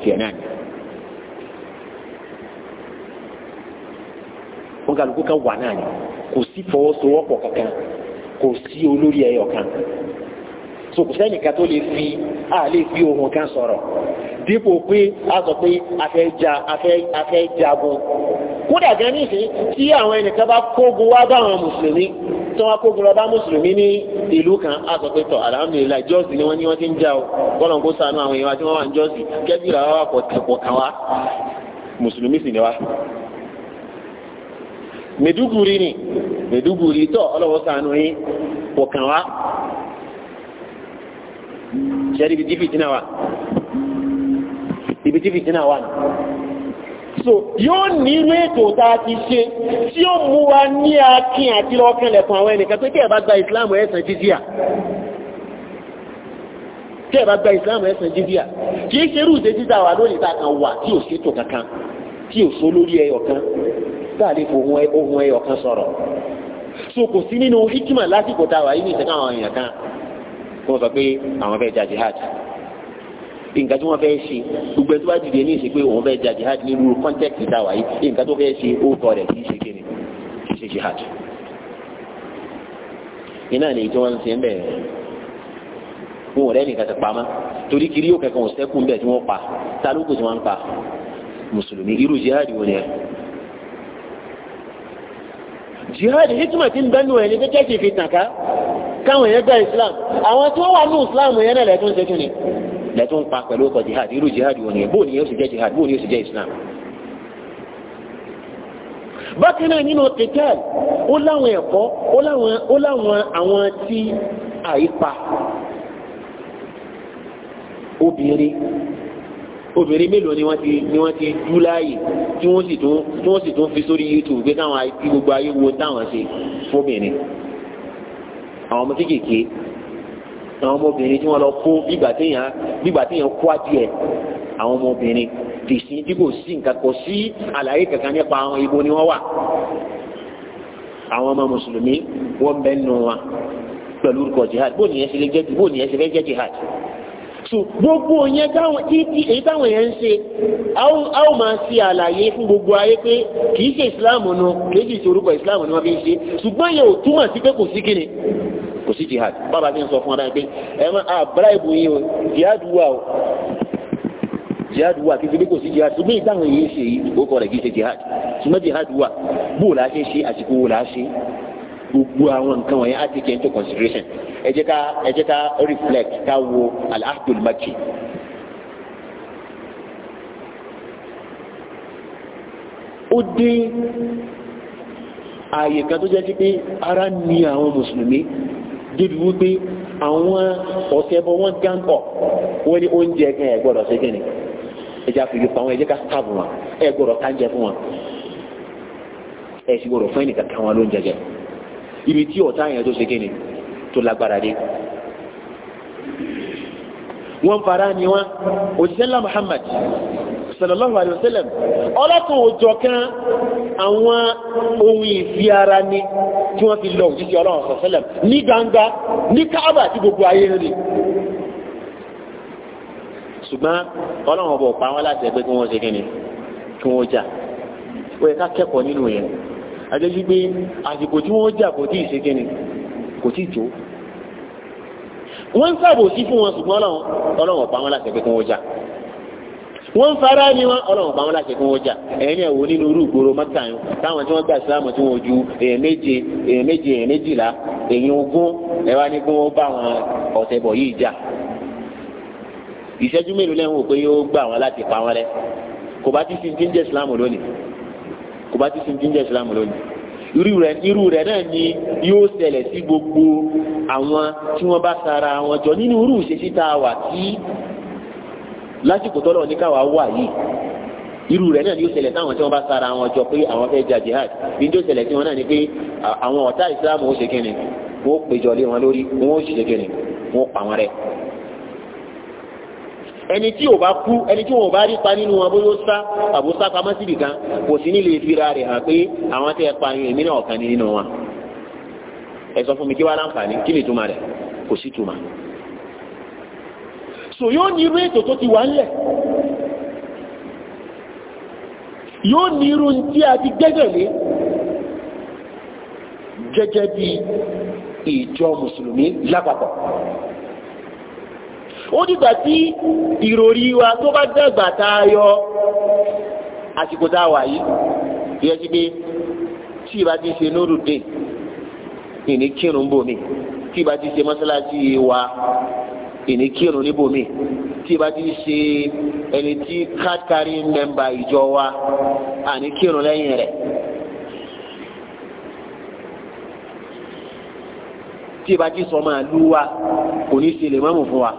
tiẹ̀ kò sí olórí ẹyọ kan so kò sẹ́nìkan tó lè fi a lè fi ohun kan sọ̀rọ̀ dípò pé a sọ pé a fẹ́ jagun kódà gan ní ìsìn tí àwọn ẹnìkan bá kógun wá bá àwọn mùsùlùmí tí wọ́n kógun lọ bá mùsùlùmí ní ìlú kan a sọ pé tọ̀ alhamdulilayi jọ́ọ̀sì ni wọ́n ní wọ́n ti ń jà o bọ́lọ̀n kó sànú àwọn èèyàn tí wọ́n wà ní jọ́ọ̀sì kẹ́bí ìrà wà pọ̀ kan wá mùsùlùmí sì ni wá Maiduguri ni Maiduguri tọ̀ ọlọ́wọ́ sànú yín pọ̀ kan wá ṣẹ́rí ibi tí fìtínà wà ibi tí fìtínà wà so yóò nírú ètò tá a ti ṣe tí ó mú wa ní akin àti lọ́kànlẹ̀kùn àwọn ẹnìkan pé kẹ́ẹ̀ bá gba ìsìláàmù ẹ̀sàn jíjíà tẹ́ ẹ bá gba ìsìlámù ẹ san jizíà kì í ṣerú ìṣe títà wà lónìí tá a kan wà tí ò ṣètò kankan tí ò so lórí ẹyọ kan ohun ẹyọ sọ̀rọ̀ so kò sí nínú hikima lásìkò tá a wà yìí ní àwọn èèyàn kan kó sọ pé àwọn fẹ́ ja jihad nǹkan tí wọ́n fẹ́ ṣe gbogbo ẹtí wá dìde ní ìṣe pé òun fẹ́ ja jihad nínú kọ́ńtẹ́kì tá a wà yìí nǹkan tó fẹ́ ṣe ó tọ́ rẹ̀ kì í ṣe kéne kì í ṣe jihad. iná ni tí wọ́n ń ṣe ń bẹ̀ wọn ò rẹ́nìkan ti pamọ́ torí kiri yóò kẹ́kọ̀ọ́ sẹ́kùn bẹ̀ tí wọ́n pa ta tí wọ́n ń pa mùsùlùmí irú jihad wo ni jihad hikima ti ń bẹ́nu ẹni tó fi tàn ká káwọn islam àwọn tí wọ́n wà ní islam yẹn náà lẹ́tún ṣe kíni pa pẹ̀lú ọkọ̀ jihad irú jihad wo nìyẹn ni yóò sì jihad bóun ni yóò sì islam. bákan náà nínú ó láwọn ó láwọn àwọn obìnrin mélòó ni wọ́n ti ni wọ́n ti dú láàyè tí wọ́n sì tún tí wọ́n sì tún fi sórí youtube pé káwọn àti gbogbo ayé wo táwọn ṣe fóbìnrin àwọn ọmọ kéékèèké àwọn ọmọbìnrin tí wọ́n lọ kó bígbà téèyàn bígbà téèyàn kó adìẹ àwọn ọmọbìnrin tèsí tí kò sí nǹkan kò sí àlàyé kankan nípa àwọn ibo ni wọ́n wà àwọn ọmọ mùsùlùmí wọ́n bẹ́ẹ̀ nù wọn pẹ̀lú orúkọ jihad bó nìyẹn ṣe lè jẹ́ bó nìyẹn ṣe lè jẹ́ jihad so gbogbo yẹn táwọn títí èyí táwọn èèyàn ń ṣe a ó máa ṣe àlàyé fún gbogbo ayé pé kì í ṣe ìsìláàmù nu kì í ṣe ìṣorúkọ ìsìláàmù ni wọ́n fi ń ṣe ṣùgbọ́n yẹn ò túmọ̀ sí pé kò sí kíni kò sí jihad bàbá fi ń sọ fún ara pé ẹ má a bribe yín o jihad wà o jihad wà kí n ṣe pé kò sí jihad ṣùgbọ́n èyí táwọn èèyàn ń ṣe yìí ó kọ jihad ṣùgbọ́n jihad wà bó o là á ṣe ṣe àsìkò wo gbogbo àwọn nǹkan wọ̀nyẹn á ti kẹ́ into consideration ẹ jẹ́ ká ẹ jẹ́ ká reflect ká wo al-ahdul makki. ó dé ààyè kan tó jẹ́ sí pé ara ni àwọn mùsùlùmí débi wípé àwọn ọ̀sẹ̀bọ̀ wọn gang up wọ́n ní oúnjẹ gan ẹ̀ gbọ́dọ̀ ṣe kíni ẹja fìlú pa wọn ẹ jẹ́ ká sáàbù wọn ẹ gbọ́dọ̀ ká ń jẹ fún wọn ẹ sì gbọ́dọ̀ fún ẹnìkan kan wọn lóúnjẹ jẹ ibi tí ọ̀tá yẹn tó ṣe kí ni tó lágbára dé wọ́n fara ni wọ́n òṣìṣẹ́lá Muhammad sallallahu alayhi wa sallam ọlọ́kan òjò kan àwọn ohun ìfi ara ni tí wọ́n fi lọ òjíṣẹ́ ọlọ́run sọ̀sẹ́lẹ̀m ní gbangba ní káàbà tí gbogbo ayé rí ṣùgbọ́n ọlọ́run ọbọ̀ pa wọ́n láti ẹgbẹ́ kí wọ́n ṣe kí ni kí wọ́n jà ó yẹ ká kẹ́kọ̀ọ́ nínú yẹn àjẹsí pé àsìkò tí wọ́n jà kò tí ì ṣe kíni kò tí ì tó wọ́n ń ṣàbòsí fún wọn ṣùgbọ́n ọlọ́run ọ̀pá wọn láṣẹ pé kí wọ́n jà wọ́n ń fara ní wọn ọlọ́run ọ̀pá wọn láṣẹ pé wọ́n jà ẹ̀yìn ẹ̀wò nínú irú ìgboro mọ́tà yẹn táwọn tí wọ́n gbà sílámù tí wọ́n ju èèyàn méje èèyàn ogún ẹ̀wá bá ti sin jíjẹ ìsìlámù lónìí irú rẹ̀ irú rẹ̀ náà ni yóò ṣẹlẹ̀ sí gbogbo àwọn tí wọ́n bá tara wọn jọ nínú irú ìṣesí tá a wà tí lásìkò tọ́lọ̀ ní wà yìí irú rẹ̀ náà ni yóò ṣẹlẹ̀ táwọn tí wọ́n bá sára wọn jọ pé àwọn fẹ́ẹ́ jà jihad bí ní yóò ṣẹlẹ̀ sí wọn náà ni pé àwọn ọ̀tá ìsìlámù ó ṣe kíni wọ́n ó lé wọn lórí wọ́n ó ṣe kíni wọ́n pa wọn rẹ́ ẹni tí ò bá kú ẹni tí wọn ò bá rí pa nínú wọn bó sá àbó pamọ́ síbi kan kò sí ní fira rẹ̀ hàn pé àwọn tẹ́ ẹ pa yín èmi náà ọ̀kan ní nínú wọn. ẹ sọ fún mi kí wàá láǹfààní kí ni ìtumọ̀ rẹ̀ kò sí ìtumọ̀. sò yóò ní irú ètò tó ti wà ńlẹ̀ yóò ní irú tí a ti gbẹ́gẹ̀lé gẹ́gẹ́ bí ìjọ mùsùlùmí lápapọ̀ ó dìgbà tí ìròrí wa tó bá dàgbà tá a yọ àsìkò tá a wà yìí yẹ ti pé tí ìbá ti ṣe lóru dé ìní kírun bòmí tí ìbá ti ṣe mọ́sálásí wa ìní kírun níbòmí tí ìbá ti ṣe ẹni tí káàkiri mẹ́mbà ìjọ wa àní kírun lẹ́yìn rẹ̀. tí ìbá ti sọ máa lú wa kò ní ṣe lè mọ́mù fún wa.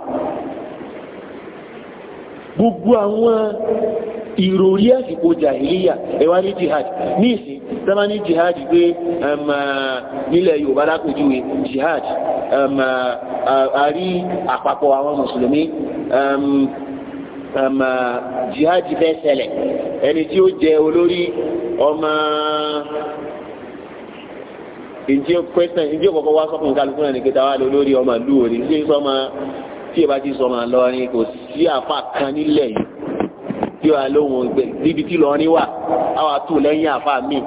gbogbo àwọn ìròrí àsìkò jàhìlíyà ẹwà ní jihad ní ìsìn ní jihad pé nílẹ̀ yorùbá lápòjúwe jihad àrí àpapọ̀ àwọn musulmi jihad fẹ́ ṣẹlẹ̀ ẹni tí ó jẹ olórí ọmọ ǹjẹ́ kwẹ́sàn wá sọ́kùn kálukú náà kẹta wà lórí ọmọ ìlú tí ìbá ti sọmọ lọrin kò sí àfa kan nílẹ̀ yìí tí wàá lóhùn gbẹ níbi tí lọrin wà á wàá tù lẹ́yìn àfa mi.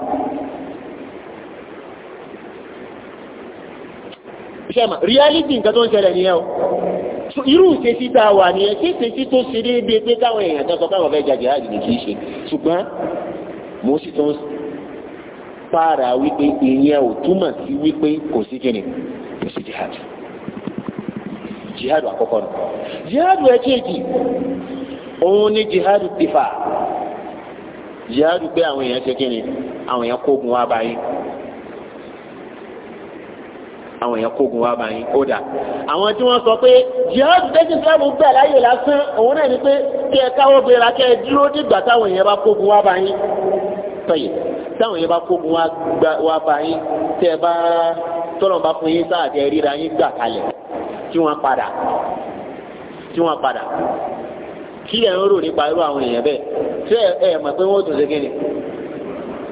sẹ́mà reality nǹkan tó ń ṣẹlẹ̀ nìyẹn o irú ìṣesí tá a wà nìyẹn ṣé ìṣesí tó ṣe déédéé pé káwọn èèyàn kan sọ káwọn fẹ́ jàjẹ́ àjèjì kì í ṣe ṣùgbọ́n mo sì tún para wípé ìyẹn ò túmọ̀ sí wípé kò sí kíni kò sí jihad jihadu àkọ́kọ́ nù jihadu ẹ̀kejì òun ni jihadu tifa jihadu pé àwọn èèyàn ṣe kí ni àwọn èèyàn kógun wá báyìí àwọn èèyàn kógun wá bá yín kódà àwọn tí wọ́n sọ pé jihad tẹ́sí islamu gbà láyè lásán òun náà ni pé kí ẹ káwọ́ bẹ̀rẹ̀ kẹ́ ẹ dúró dìgbà táwọn èèyàn bá kógun wá bá yín tọ́yẹ̀ táwọn èèyàn bá kógun wá bá yín tẹ́ bá tọ́lọ̀ bá fún yín sáà tẹ́ ríra yín gbà kalẹ̀ tí wọ́n padà tí wọ́n padà kí lẹ̀ ń rò nípa irú àwọn èèyàn bẹ́ẹ̀ tí ẹ ẹ mọ̀ pé wọ́n tún ṣe kíni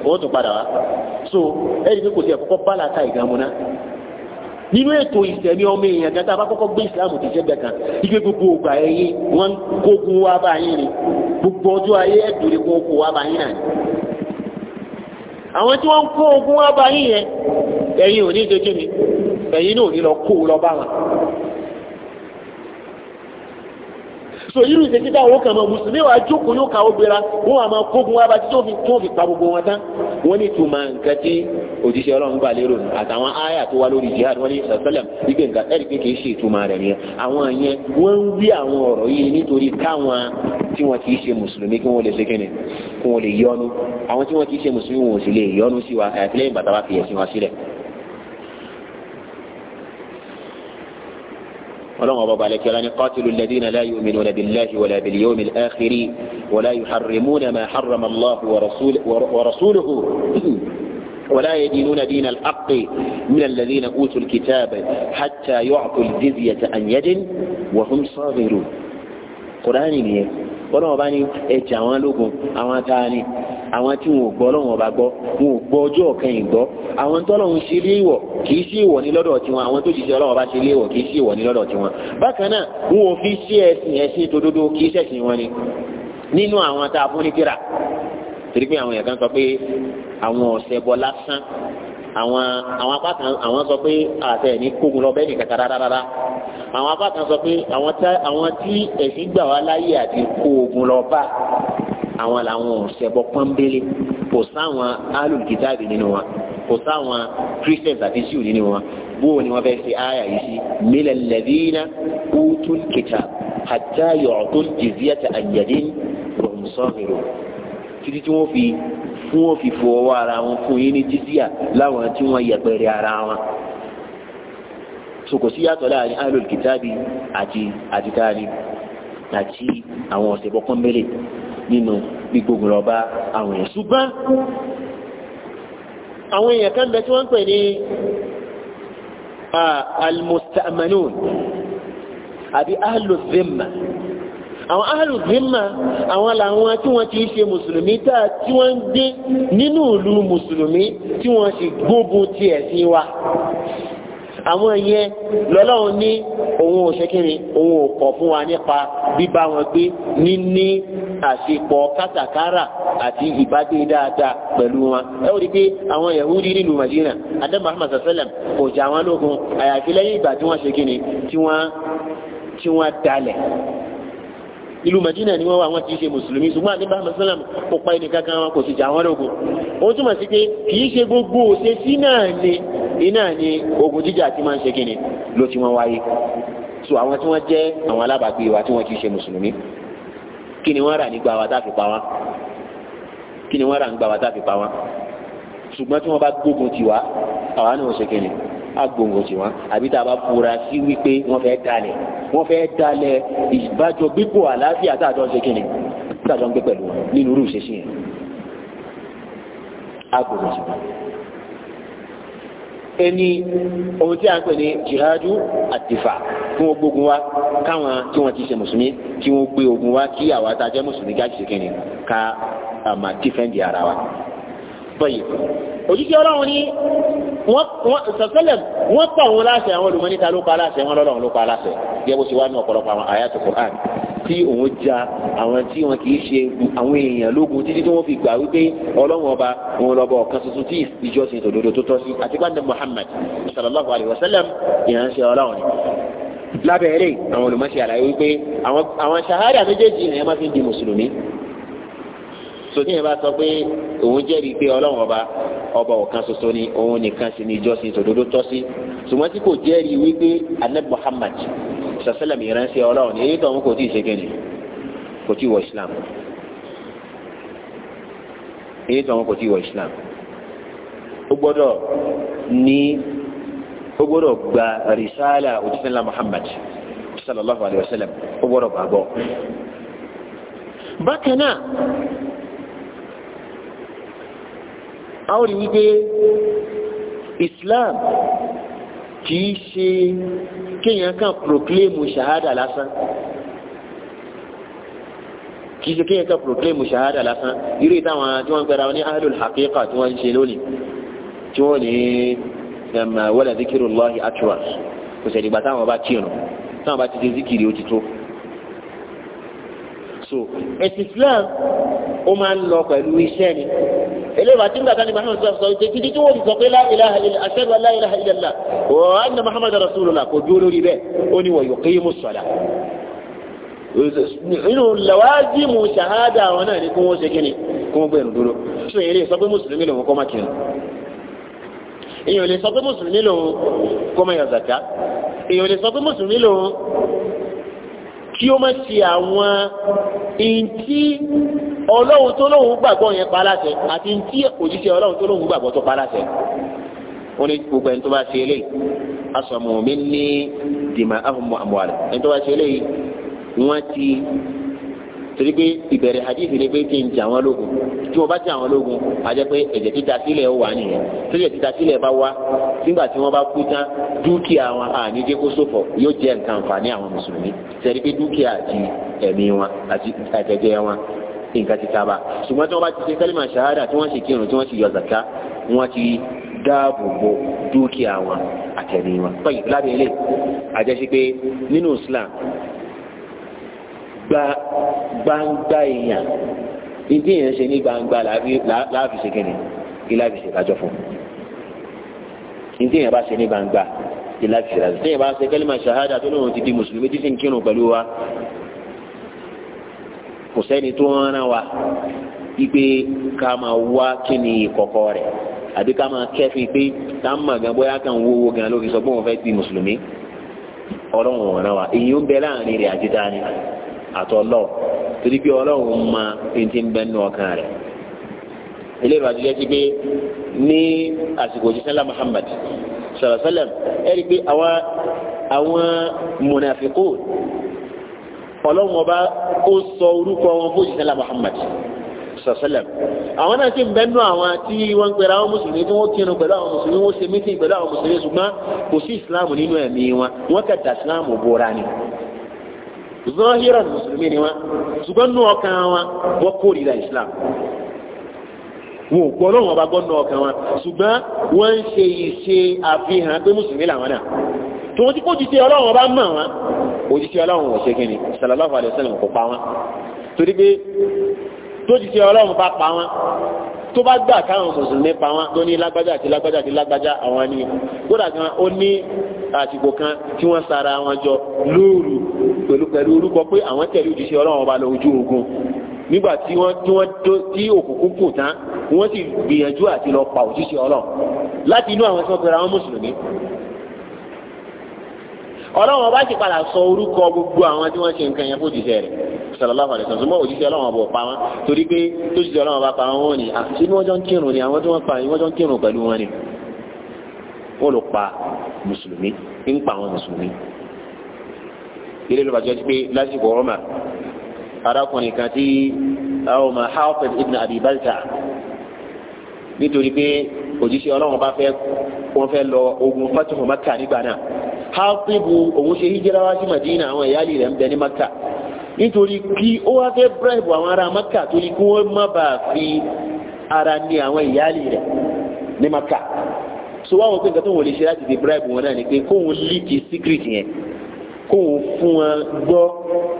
wọ́n tún padà wá so ẹni pé kò sí ẹ̀kọ́kọ́ bálàtà ìgbàmúná nínú ètò ìsẹ̀mí ọmọ èèyàn gan tá a bá kọ́kọ́ gbé ìsìláàmù ti sẹ́gbẹ̀ẹ́ kan ìgbé gbogbo ògbà ẹ̀yìn wọ́n kógun wá báyìí ni gbogbo ọjọ́ ayé ẹ̀dùn lè kó wá báyìí náà àwọn tí wọ́n kó ogun wá bá yín yẹn ẹ̀yin ò ní ṣe kí ni ẹ̀yin náà ò ní lọ kó lọ bá wọn so irú ìṣèjì bá àwọn kan mọ mùsùlùmí wa jókòó yóò ka ó gbéra wọn àmọ́ kógun wa bá tí tó fi tó pa gbogbo wọn tán wọn ní ìtumọ̀ nǹkan tí òjíṣẹ́ ọlọ́run gbà lérò ní àtàwọn àyà tó wá lórí jihad wọn ní sàlẹm wípé nǹkan ẹ̀rí pé kìí ṣe ìtumọ̀ rẹ̀ nìyẹn àwọn yẹn wọ́n ń wí àwọn ọ̀rọ̀ yìí nítorí káwọn tí wọ́n kìí ṣe mùsùlùmí kí wọ́n lè ṣe kíni kí wọ́n lè yọnu àwọn tí wọ́n kìí ṣe mùsùlùmí wọn ò sì lè yọnu sí wa àyàfi lẹ́yìn bàtà wa fi ẹ̀sìn wa sílẹ̀ علماء بابا عليك يعني قاتلوا الذين لا يؤمنون بالله ولا باليوم الآخر ولا يحرمون ما حرم الله ورسول ورسوله ولا يدينون دين الحق من الذين أوتوا الكتاب حتى يعطوا الجزية عن يد وهم صاغرون قرآن ọlọ́wọ́n bá ní ẹjà wọn lógun àwọn atáni àwọn tí wọn ò gbọ́ ọlọ́wọ́n bá gbọ́ wọn ò gbọ́ ọjọ́ kẹyìn gbọ́ àwọn tọ́lọ́wọ́n ṣe lé ìwọ̀ kì í sí ìwọ̀ ní lọ́dọ̀ tiwọn àwọn tó ṣiṣẹ́ ọlọ́wọ́n bá ṣe lé ìwọ̀ kì í sí ìwọ̀ ní lọ́dọ̀ tiwọn bákan náà wọn ò fi ṣe ẹ̀sìn ẹ̀sìn tòdodo kì í wọn ni nínú àwọn tá a fún pé àwọn èèyàn kan sọ pé àwọn ọ̀sẹ̀ bọ lásán àwọn àwọn apá kan àwọn sọ pé àtẹ ní kógun lọ bẹ́ẹ̀ ní kàkà rárára àwọn apá kan sọ pé àwọn tí ẹ̀sìn gbà wá láyé àti kógun lọ bá àwọn làwọn òṣèbọ pọ́nbélé kò sáwọn alùkìtàbí nínú wọn kò sáwọn christians àti jew nínú wọn bóò ni wọ́n fẹ́ ṣe àyà yìí sí mílẹ̀ lẹ́dínà utul kitab hatta yu'tul jizyata an yadin títí tí wọ́n fi tí wọ́n fi fọ ọwọ́ ara wọn fún yín ní jísíà láwọn tí wọ́n yẹpẹrẹ ara wọn so kò sí yàtọ̀ láàrin ahlul kitabi àti àti tani àti àwọn ọ̀sẹ̀ bọ́kán mẹ́lẹ̀ nínú gbígbógun lọ́ba àwọn èèyàn ṣùgbọ́n àwọn èèyàn kan bẹ tí wọ́n ń pè ní ah, almustamanun àbí ahlul àwọn ahlu zimma àwọn làwọn tí wọ́n ti ṣe mùsùlùmí tá tí wọ́n ń gbé nínú ìlú mùsùlùmí tí wọ́n sì gbógun ti ẹ̀sìn wa àwọn yẹn lọ́lọ́run ní òun ò ṣe kíni òun ò kọ̀ fún wa nípa bíbá wọn gbé níní àṣepọ̀ kátàkárà àti ìbádé dáadáa pẹ̀lú wọn. ẹ ó rí pé àwọn Yahudi nílùú Madina adé Muhammad sallam kò jà wọn lógun àyàfi lẹ́yìn ìgbà tí wọ́n ṣe kíni tí wọ́n dalẹ̀ ìlú Madina ni wọ́n wà wọ́n ti ṣe mùsùlùmí ṣùgbọ́n àdébá masalam kò pa ẹnì kankan wọn kò sì jà wọ́n lógun ó túmọ̀ sí pé kì í ṣe gbogbo òṣè sí náà ni iná ni ogun jíjà ti máa ń ṣe kíni ló ti wọ́n wáyé so àwọn tí wọ́n jẹ́ àwọn alábàágbé wa tí wọ́n ti ṣe mùsùlùmí kí ni wọ́n rà nígbà wa tá a fi pa wá kí ni wọ́n rà nígbà wa tá a fi pa wá ṣùgbọ́n tí wọ́n bá gbógun tiwa àwa náà ṣe kíni agbóhùn sí wọn àbí tá a bá búra sí wípé wọ́n fẹ́ dalẹ̀ wọ́n fẹ́ dalẹ̀ ìbájọ gbígbó àlàáfíà tá a jọ ń ṣe kí ni tá a jọ ń gbé pẹ̀lú nínú irú ìṣesí yẹn agbóhùn wọn. ẹni ohun tí a ń pè ní jihadu àtìfà fún ogbógun wa káwọn tí wọ́n ti ṣe mùsùlùmí kí wọ́n gbé ogun wa kí àwa tá a jẹ́ mùsùlùmí ká ṣe kí ká àmà tífẹ́ǹdì ara wa bọ̀yì òjíṣẹ́ ọlọ́run ní sọ̀tẹ́lẹ̀ wọ́n pa òun láṣẹ àwọn olùmọ́níta ló pa láṣẹ wọn lọ́lọ́run ló pa láṣẹ gẹ́gẹ́ bó ṣe wá ní ọ̀pọ̀lọpọ̀ àwọn àyàtò Qur'an tí òun ja àwọn tí wọn kì í ṣe àwọn èèyàn lógun títí tí wọ́n fi gbà wípé ọlọ́run ọba òun lọ́bọ̀ ọ̀kan tuntun tí ìjọsìn tòdodo tó tọ́ sí àti pàdé Muhammad sallallahu alayhi wa sallam ìránṣẹ́ ọlọ́run lábẹ́ẹ̀rẹ́ àwọn olùmọ̀ṣẹ́ àlàyé wípé àwọn ṣàhádà méjèèjì ni ẹ máa fi di mùsùlùmí sòtí yẹn bá sọ pé òun jẹ́rìí pé ọlọ́run ọba ọba ọ̀kan ṣoṣo ni òun nìkan sì ni ìjọsìn tòdodo tọ́ sí ṣùgbọ́n tí kò jẹ́rìí wípé anabi muhammad sàṣẹlẹ̀ mìíràn ṣe ọlọ́run èyí tó ń kò tí ì ṣe kẹ́ni kò tí ì wọ islam èyí tó ń kò tí ì wọ islam ó gbọ́dọ̀ ní ó gbọ́dọ̀ gba rìsáàlà òjísẹ́ńlá muhammad sallallahu alayhi wa sallam ó gbọ́dọ̀ gbàgbọ́ bákan náà a ó rí wípé Islam kìí ṣe kéèyàn kan proclaim shahada lásán kìí ṣe kéèyàn kan proclaim shahada lásán irú ìtàwọn tí wọ́n ń pẹ́ra wọn ní ahlul haqiqa tí wọ́n ń ṣe lónìí tí wọ́n ní wala zikirullahi akbar kò sẹ́ni ìgbà táwọn bá kírun táwọn bá ti ṣe zikiri ó ti tó so ẹ̀sìn Islam ó máa ń lọ pẹ̀lú iṣẹ́ ni eléyìí àti nígbà kan ní Muhammad sọ pé títí tí wọ́n fi sọ pé la ilaha illa aṣẹ́gun la ilaha illallah wa anna Muhammadan rasulullah kò dúró lórí bẹ́ẹ̀ ó ní wa yuqimus salah inú làwájímù ṣàhádà àwọn náà ni kó wọ́n ṣe kí ni kó wọ́n gbẹ̀rù dúró tí èyí lè sọ pé mùsùlùmí lòun kọ́ máa kírun èyàn lè sọ pé mùsùlùmí lòun kọ́ máa yọ zàká èyàn lè sọ pé mùsùlùmí lòun kí ó má ṣe àwọn ntí ọlọ́run tó lóun gbàgbọ́ yẹn paláṣẹ àti ntí òjíṣẹ́ ọlọ́run tó lóun gbàgbọ́ tó paláṣẹ wọn ni gbogbo ẹni tó bá ṣe eléyìí asọmọ mi ní dìmọ ahùnmọ àmọ àlẹ ẹni tó bá ṣe eléyìí wọn ti torí pé ìbẹ̀rẹ̀ hadith ni pé kí n jà wọn lógun tí mo bá jà wọn lógun a jẹ́ pé ẹ̀jẹ̀ títa sílẹ̀ wà nìyẹn tí ẹ̀jẹ̀ títa sílẹ̀ bá wá nígbà tí wọ́n bá kú tán dúkìá wọn àní jẹ́ kó ṣòfò yóò jẹ́ nǹkan àǹfààní àwọn mùsùlùmí tẹ̀rí pé dúkìá àti ẹ̀mí wọn àti àtẹ̀jẹ́ wọn nǹkan ti sábà ṣùgbọ́n tí wọ́n bá ti ṣe kálímà ṣahádà tí wọ́n sì kírun tí wọ́n sì yọ zàká wọ́n ti dáàbò bo dúkìá wọn àtẹ̀mí wọn. pẹ̀lú lábẹ́ ilé àjẹsí pé nínú Islam gba gbangba èèyàn ìdí èèyàn ṣe ní gbangba láàbì ṣe kìnnì kí láàbì ṣe lájọ fún ìdí èèyàn bá ṣe ní gbangba kí láàbì ṣe lájọ fún ìdí èèyàn bá ṣe kẹ́límà ṣahada tó lóun ti di mùsùlùmí títí ń kírun pẹ̀lú wa kò sẹ́ni tó ń rán wa ipe ká máa wá kí ni ìkọ̀kọ̀ rẹ̀ àbí ká máa kẹ́fìn pé tá a gan bóyá kan wówó gan ló sọ pé fẹ́ di mùsùlùmí ọlọ́run ọ̀ràn wa èyí ń bẹ láàrin rẹ̀ àti dání àtọ́lọ́ torí pé ọlọ́run mọ ẹni ń bẹ́nu ọkàn rẹ̀ ilé ìrọ̀ àdìyẹ ti gbé ní àsìkò òjíṣẹ́ ńlá Muhammad sàlàsàlẹ̀m ẹ̀rí pé àwọn àwọn mùnàfíkò ọlọ́run ọba ó sọ orúkọ wọn fún òjíṣẹ́ ńlá Muhammad sàlàsàlẹ̀m àwọn náà sì ń bẹ́nu àwọn tí wọ́n ń pẹ̀lú àwọn mùsùlùmí tí wọ́n kírun pẹ̀lú àwọn mùsùlùmí wọ́n ṣe mítìn pẹ̀lú àwọn mùsùlùmí ṣùgbọ́n kò sí ìsìláàmù nínú ẹ̀mí wọn wọ́n kẹta ìsìláàmù bóra ni zahiran mùsùlùmí wa wọn ṣùgbọ́n nù ọkàn wọn wọ́n islam wọn ò gbọ́ lọ́wọ́n ọba gbọ́ nù ọkàn wọn ṣùgbọ́n wọ́n ń ṣe ìṣe àfihàn pé mùsùlùmí làwọn náà tó wọ́n ti kó jíṣẹ́ ọlọ́wọ́n ọba mọ̀ wọn òjíṣẹ́ ọlọ́wọ́n wọ̀ ṣe kí ni sallallahu alaihi wasallam kò pa wọn torí pé tó jíṣẹ́ ọlọ́wọ́n bá pa wọn tó bá gbà káwọn mùsùlùmí pa wọn tó ní lágbájá àti lágbájá àti lágbájá àwọn ni kódà kan ó ní àsìkò kan tí wọ́n sara wọn jọ lóòrù pẹ̀lú pẹ̀lú orúkọ pé àwọn tẹ̀lé òjíṣẹ́ Ọlọ́run ọba lọ ojú ogun nígbà tí wọ́n tí wọ́n tó tí òkùnkùn kù tán wọ́n sì gbìyànjú àti lọ pa òjíṣẹ́ Ọlọ́run láti inú àwọn tí wọ́n pera wọn mùsùlùmí ọlọ́run ọba ti padà sọ orúkọ gbogbo àwọn tí wọ́n ṣe nǹkan yẹn fún òjíṣẹ́ rẹ̀ sallallahu alaihi wasallam mọ́ òjíṣẹ́ ọlọ́run ọba ọ̀pá wọn torí pé tó ṣiṣẹ́ ọlọ́run ọba pa wọn ni àti bí wọ́n jọ ń kírun ni àwọn tí wọ́n pa wọ́n jọ ń kírun pẹ̀lú wọn ni wọ́n ló pa mùsùlùmí ń pa àwọn mùsùlùmí. ilé ló bàjẹ́ pé lásìkò ọmọ arákùnrin kan tí àwọn ọmọ nítorí pé òjíṣẹ́ ọlọ́run bá fẹ́ wọ́n fẹ́ lọ ogun fatuhu maka nígbà náà hafibu òun ṣe hijira sí madina àwọn ìyáálì rẹ̀ ń bẹ ní maka nítorí kí ó wá fẹ́ bribe àwọn ará maka torí kí wọ́n má bàa fi ara ní àwọn ìyáálì rẹ̀ ní maka so wáwọn pé nǹkan tó wọ́n lè ṣe láti fi bribe wọn náà ni pé kóun líkì secret yẹn kóun fún wọn gbọ́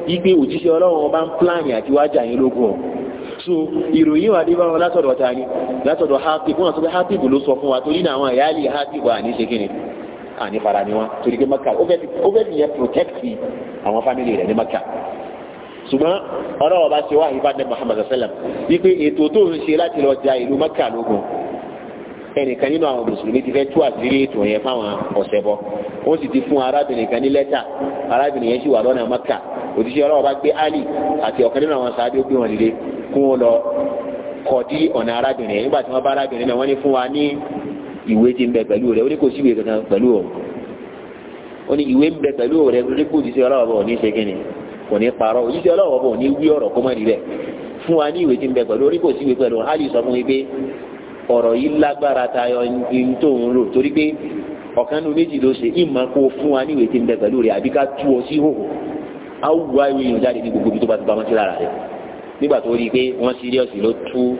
yí pé òjíṣẹ́ ọlọ́run bá ń plan àti wájà lógún so ìròyìn wà dé bá wọn látọ̀dọ̀ ta ni látọ̀dọ̀ hapib wọn sọ pé hapib ló sọ fún wa torí náà àwọn ìyáálì hapib àní ṣe kí ni àní fara ni wọn torí pé maka ó fẹ́ ti yẹ protect àwọn family rẹ̀ ní maka ṣùgbọ́n ọlọ́wọ́ bá ṣe wá ìbádẹ́ muhammad sallam wípé ètò tó ń ṣe láti lọ ja ìlú maka lógun ẹnìkan nínú àwọn mùsùlùmí ti fẹ́ tú àṣírí ètò yẹn fáwọn ọ̀sẹ̀ bọ́ wọ́n sì ti fún arábìnrin kan ní lẹ́tà arábìnrin yẹn sì wà lọ́nà maka òtíṣẹ́ ọlọ́wọ́ bá gbé ali àti ọ̀kan nínú àwọn sáábí ó gbé wọn dìde kún un lọ kọ̀dí ọ̀nà arábìnrin nígbà tí wọ́n bá arábìnrin náà wọ́n ní fún wa ní ìwé tí ń bẹ pẹ̀lú rẹ̀ ó ní kò sí ìwé kankan pẹ̀lú òun ó ní ìwé ń bẹ pẹ̀lú rẹ̀ lórí kò jíṣẹ́ ọlọ́wọ́ bọ̀ ní ṣẹ́gínì kò ní parọ́ òjíṣẹ́ ọlọ́wọ́ bọ̀ ní wí ọ̀rọ̀ kó mọ̀ rí rẹ̀ fún wa ní ìwé tí ń bẹ pẹ̀lú orí kò sí ìwé pẹ̀lú òun sọ fún mi pé ọ̀rọ̀ yìí lágbára tayọ ní tó ń rò torí pé ọ̀kan nu méjì ló ṣe ìmọ̀ kó fún wa ní ìwé tí ń bẹ pẹ̀lú rẹ̀ àbí ká tú ọ sí hòhò á ìwé yìí jáde ní gbogbo ibi tó bá ti bá wọn sí lára rẹ̀ nígbà tó rí i pé wọ́n síríọ̀sì ló tú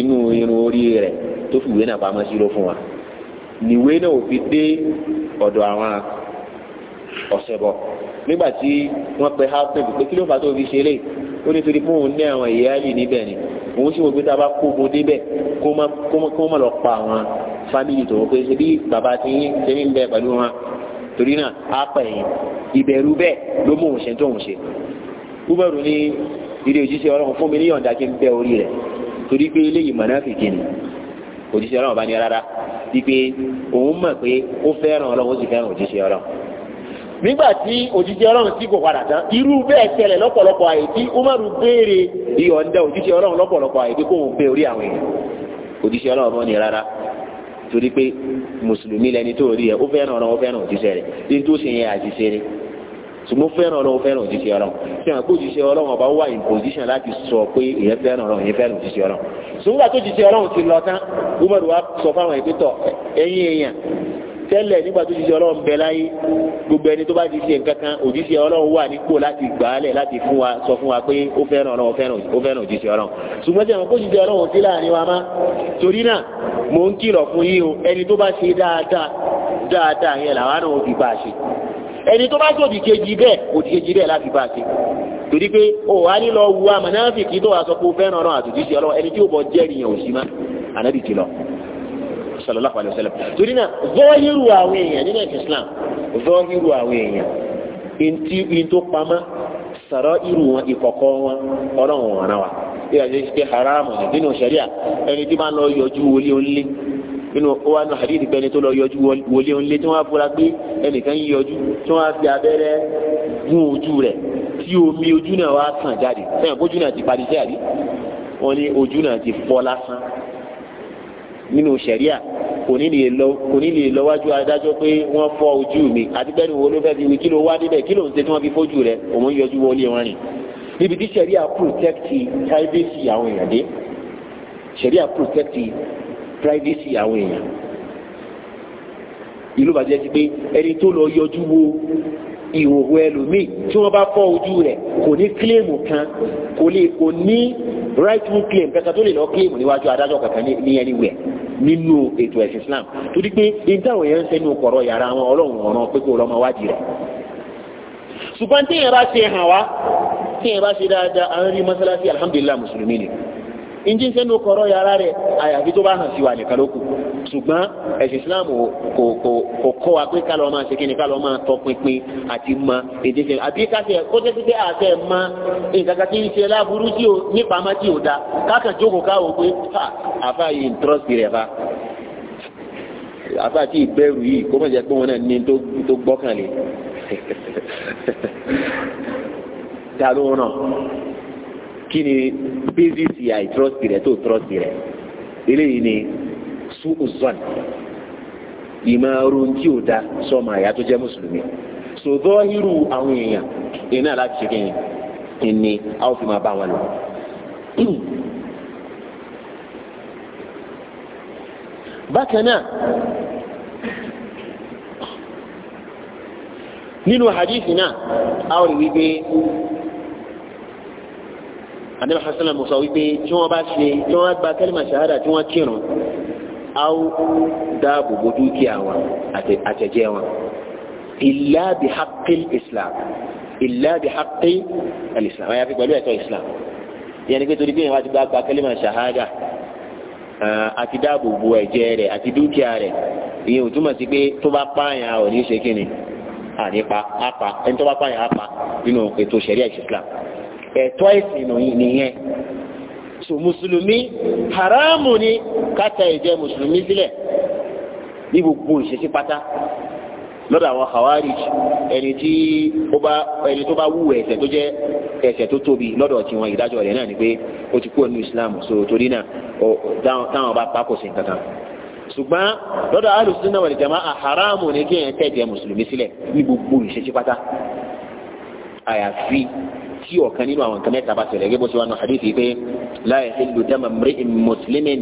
inú irun orí rẹ̀ tó fi ìwé náà pamọ́ sí ló fún wa níwé náà ò fi dé ọ̀dọ̀ àwọn ọ̀sẹ̀bọ̀ nígbà tí wọ́n pe hafnab pé kí ló fà tó fi ṣe lé ó ní torí fóun ní àwọn ìyáàlì níbẹ̀ ni òun sì wọ́n gbé tá a bá kó ogun débẹ̀ kó má lọ pa àwọn fámìlì tó wọ́n pé ṣe bí bàbá ti ń ṣe ń bẹ pẹ̀lú wọn torí náà á pẹ̀ yín ìbẹ̀rù bẹ́ẹ̀ ló mú òun ṣe tó òun ṣe. uberu ní ìdí òjíṣẹ́ ọlọ́run fún mi ní yọ̀ǹda kí n bẹ́ orí rẹ̀ torí pé eléyìí mọ̀nàfìkì ni òjíṣẹ́ ọlọ́run bá ní rárá wípé òun mọ̀ pé ó fẹ́ràn ọlọ́run ó sì fẹ́ràn òjíṣẹ́ ọlọ́run nígbà tí òjíṣẹ́ ọlọ́run sì kò padà tán irú bẹ́ẹ̀ tẹlẹ̀ lọ́pọ̀lọpọ̀ àyè tí Umaru béèrè ìyọ̀ǹda òjíṣẹ́ ọlọ́run lọ́pọ̀lọpọ̀ àyè pé kó òun bẹ́ orí àwọn èèyàn òjíṣẹ́ ọlọ́run bọ́ ní rárá torí pé mùsùlùmí lẹni tó rí ẹ ó fẹ́ràn ọlọ́run ó fẹ́ràn òjíṣẹ́ rẹ̀ ní tó ṣe yẹn àṣìṣe ni ṣùgbọ́n fẹ́ràn ọlọ́run fẹ́ràn òjíṣẹ́ ọlọ́run tí wọn kó òjíṣẹ́ ọlọ́run ọba wà in position láti sọ pé èèyàn fẹ́ràn ọlọ́run èèyàn fẹ́ràn òjíṣẹ́ ọlọ́run ṣùgbọ́n tó jíṣẹ́ ọlọ́run ti lọ tán Umar wa sọ fáwọn ìpẹ́tọ̀ ẹ̀yìn èèyàn tẹ́lẹ̀ nígbà tó jíṣẹ́ ọlọ́run bẹ láyé gbogbo ẹni tó bá ti ṣe nǹkan kan òjíṣẹ́ ọlọ́run wà nípò láti gbà á lẹ̀ láti fún wa sọ fún wa pé ó fẹ́ràn ọlọ́run ó fẹ́ràn òjíṣẹ́ ọlọ́run ṣùgbọ́n tí àwọn kó ọlọ́run sí láàrin wa má torí náà mò ń kìlọ̀ fún yín o ẹni tó bá ṣe dáadáa dáadáa yẹn làwọn náà ó bá a ṣe ẹni tó bá sòdì kejì bẹ́ẹ̀ òdì kejì bẹ́ẹ̀ láti bá a ṣe torí pé ó wà ní lọ wu amọ̀náfì kí tó wà sọ pé ó fẹ́ràn ọ̀rọ̀ àtúntí ọlọ́wọ́ ẹni tí ó bọ̀ jẹ́rìí yẹn ò sí má ànábì ti lọ sallallahu alayhi wa sallam torí náà zọ́ọ́hírù àwọn èèyàn nínú ẹ̀sìn Islam zọ́ọ́hírù àwọn èèyàn ntí ntó pamọ́ sọ̀rọ̀ irú wọn ìkọ̀kọ̀ wọn ọlọ́run wọn náà wa bí a ṣe ṣe haramu nínú ṣẹ̀ríà ẹni tí máa ń lọ yọjú wọlé ó ń lé inú ó wà nù hadithi pẹ́ni tó lọ yọjú wọlé onílé tí wọ́n á fura pé ẹnìkan yọjú tí wọ́n á fi abẹ́rẹ́ gún ojú rẹ̀ tí omi ojú náà wá tàn jáde sẹ́yìn ojú náà ti parí sí àdí wọ́n ní ojú náà ti fọ́ lásán nínú ṣẹ̀ríà kò ní lè lọ́wájú adájọ́ pé wọ́n fọ́ ojú mi àti pẹ́ni wo ló fẹ́ fi wí kí ló wá níbẹ̀ kí ló ń ṣe tí wọ́n fi fojú rẹ̀ òun yọjú wọlé wọn rìn níbi tí ṣẹ̀ríà protect privacy àwọn èèyàn dé ṣẹ̀ríà protect privacy àwọn èèyàn ìlú bàjẹ́ ti pé ẹni tó lọ yọjú wo ìhòòhò ẹlòmíì tí wọ́n bá fọ́ ojú rẹ̀ kò ní claim kan kò lè kò ní right to claim kẹta tó lè lọ kílèmù níwájú adájọ́ kankan ní anywhere nínú ètò ẹ̀sìn Islam torí pé ìdáhùn yẹn ń sẹ́nu kọ̀rọ̀ yàrá wọn ọlọ́run ọ̀ràn pé kó lọ́mọ wádìí rẹ̀ ṣùgbọ́n tí yẹn bá ṣe hàn wá tí yẹn bá ṣe dáadáa à ń rí mọ́sálásí alhamdulillah mùsùlùmí ni ìjì ń sẹ́nu kọ̀rọ̀ yàrá rẹ̀ àyàfi tó bá hàn sí wa nìkan ló kù ṣùgbọ́n ẹ̀sìn Islam kò kò kò kọ́ wa pé kálọ̀ máa ṣe kí ni kálọ̀ máa tọpinpin àti mọ èdè sẹ́nu àbí káṣẹ kó tẹ́tí àṣẹ mọ nǹkan tí ń ṣe láburú tí ò nípamọ́ tí ò da kákan jókòó káwọ́ pé fà àfà yìí ń trọ́sì rẹ̀ fa àfà tí ìbẹ̀rù yìí kó mọ̀ jẹ́ pé wọn náà ní tó gbọ́kànlé ta ló ràn kí ni sì àìtírọ́sì rẹ̀ tó tírọ́sì rẹ̀ eléyìí ni suuzon ìmọ̀ọ́rù tí ò da sọmọ àyà tó jẹ́ mùsùlùmí sòdọ́ àwọn èèyàn iná láti ṣe kéyìn ìní a ó fi máa bá wọn lọ. bákan náà nínú hadith náà a ó rí anabi hasan al-musa wípé tí wọ́n bá ṣe tí wọ́n gba kẹ́lìmà ṣahada tí wọ́n kírun aw dáàbò bo dúkìá wọn àtẹ̀jẹ́ wọn illa bi haqqil islam illa bi haqqil islam àyàfi pẹ̀lú ẹ̀tọ́ islam yẹn ni pé torí pé wọ́n ti gba kẹ́lìmà ṣahada àti dáàbò bo ẹ̀jẹ̀ rẹ̀ àti dúkìá rẹ̀ ìyẹn ò túmọ̀ sí pé tó bá pààyàn ò ní ṣe kí ni ànípa àpá ẹni tó bá pààyàn àpá nínú ètò ṣẹ̀ríà ìsìlámù ẹ̀tọ́ ẹ̀sìn nìyẹn so mùsùlùmí haramu ni káta ẹ̀jẹ̀ mùsùlùmí sílẹ̀ ní gbogbo ìṣesí pátá lọ́dọ̀ àwọn khawarij ẹni tí ó bá ẹni tó bá wù ẹ̀ṣẹ̀ tó jẹ́ ẹ̀ṣẹ̀ tó tóbi lọ́dọ̀ tiwọn ìdájọ́ rẹ̀ náà ni pé ó ti kúrò ní islam so torí náà táwọn bá pákó sí nǹkan kan ṣùgbọ́n lọ́dọ̀ alùsùnà wal jama'a àhàrámù ní kí ẹ̀yẹn tẹ̀jẹ̀ mùsùlùmí sílẹ̀ ní gbogbo ìṣesí pátá àyàfi tí ọ̀kan nínú àwọn nǹkan mẹ́ta bá ṣẹlẹ̀ gẹ́gẹ́ bó ṣe wà nù hadithi pé la yahillu dama mri'in muslimin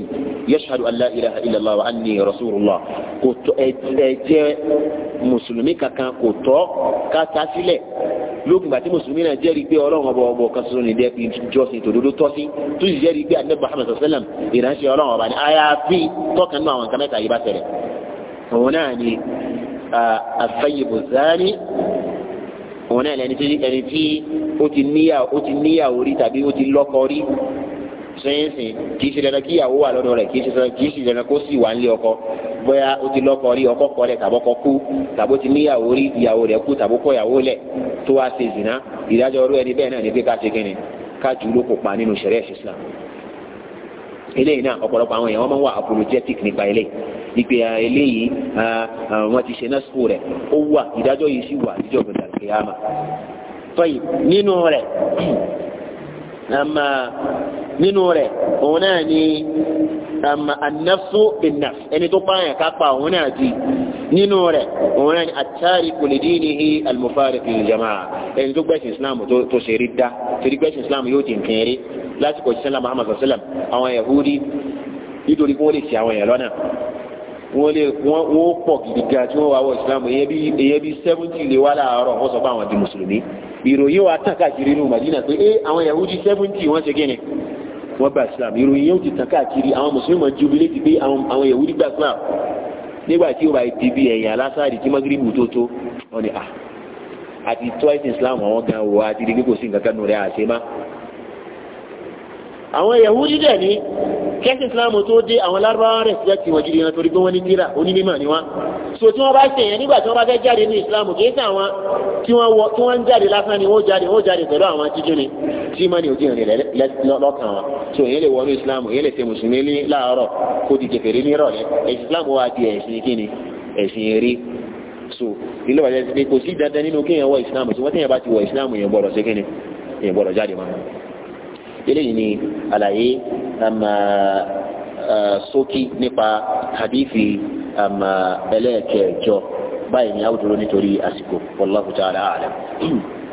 yashhadu an la ilaha illallah wa anni rasulullah kò tọ́ ẹ̀jẹ̀ mùsùlùmí kankan kò tọ́ ká ta sílẹ̀ lókun gbàtí mùsùlùmí náà jẹ́rìí pé ọlọ́run ọba ọba ọ̀kan ṣoṣo nìdẹ́ fi jọ́sìn tòdodo tọ́sí tó sì jẹ́rìí pé anabi muhammad sallam ìránṣẹ́ ọlọ́run ọba ni àyàfi tọ́kan nínú àwọn nǹkan mẹ́ta yìí bá ṣẹlẹ̀ òun náà ni àfẹ́yìbò sáárì òun náà lẹni tí ẹni tí ó ti níyàwó ó ti níyàwó rí tàbí ó ti lọ́kọ rí sẹ́yìnsìn kì í ṣe dandan kí ìyàwó wà lọ́dọ̀ rẹ̀ kì í ṣe dandan kì í ṣe dandan kó sì wà nílé ọkọ bóyá ó ti lọ́kọ rí ọkọ kọ rẹ̀ tàbọ́kọ kú tàbó ti níyàwó rí ìyàwó rẹ̀ kú tàbó kọ ìyàwó lẹ̀ tó wá ṣe zìnà ìdájọ́ ọrú ẹni bẹ́ẹ̀ náà ni pé ká ṣe kínni ká jù ló kópa nínú ṣẹ̀rẹ́ Islam eléyìí náà ọ̀pọ̀lọpọ̀ àwọn èèyàn wọ́n máa ń wà apologetic nípa eléyìí wípé ah, eléyìí ah, ah, wọ́n ti ṣe násìkò rẹ̀ ó wà ìdájọ́ yìí sì wà níjọ́ gbẹ̀dà kìyàmà. tọ́yì nínú rẹ̀ nínú rẹ̀ òun náà ni anafsu binaf ẹni tó pààyàn ká pa òun náà di nínú rẹ̀ òun náà ni àtàrí kò lè dín fi jama ẹni tó gbẹ̀sìn islam tó ṣe rí dá torí gbẹ̀sìn islam yóò ti nkìn rí lásìkò ìṣẹ́lá muhammadu sallam àwọn yahudi nítorí kó lè ṣe àwọn èèyàn lọ́nà wọ́n lè wọ́n pọ̀ gidi gan tí wọ́n wá wọ ìsìlámù èyẹ bí seventy lè wá láàárọ̀ wọ́n sọ pé àwọn di mùsùlùmí ìròyìn wa tàn káàkiri inú Madina pé ẹ eh, àwọn Yahudi seventy wọ́n ṣe kíni wọ́n gba ìsìlámù ìròyìn yóò ti tàn káàkiri àwọn mùsùlùmí máa jubilé ti pé àwọn Yahudi gba ìsìlámù nígbà tí ó bá di bí ẹ̀yìn alásáàdì tí magrebu tó tó wọ́n ni ah àti twice Islam àwọn gan wò àti di pé kò sí nǹkan kan nù rẹ̀ àṣemá àwọn Yahudi dẹ̀ ní kẹ́sì islam tó dé àwọn lárúbáwá rẹ̀ sí ẹ̀kì wọ̀n jìrì yẹn torí pé wọ́n ní kíra onímọ̀ ni so tí wọ́n bá ṣe yẹn nígbà tí wọ́n bá fẹ́ jáde ní islam kì í ṣe àwọn tí wọ́n ń jáde lásán ni wọ́n jáde wọ́n jáde pẹ̀lú àwọn jíjìn ni tí mọ́ ni òjì rìn lọ́kàn wọn so yẹn lè wọnú islam yẹn lè ṣe mùsùlùmí ní láàárọ̀ kó di kèfèrí ní ìrọ̀lẹ́ ẹ̀sìn islam wá di ẹ̀sìn kíni ẹ̀sìn eré so ilé wàjẹ́ pé kò sí dandan nínú kéèyàn wọ islam tí wọ́n eléyìí ni àlàyé ṣókí um, uh, uh, nípa hadithi um, uh, ẹlẹ́ẹ̀kẹjọ báyìí ni a ó dúró nítorí àsìkò wallahu ta'ala a'lam.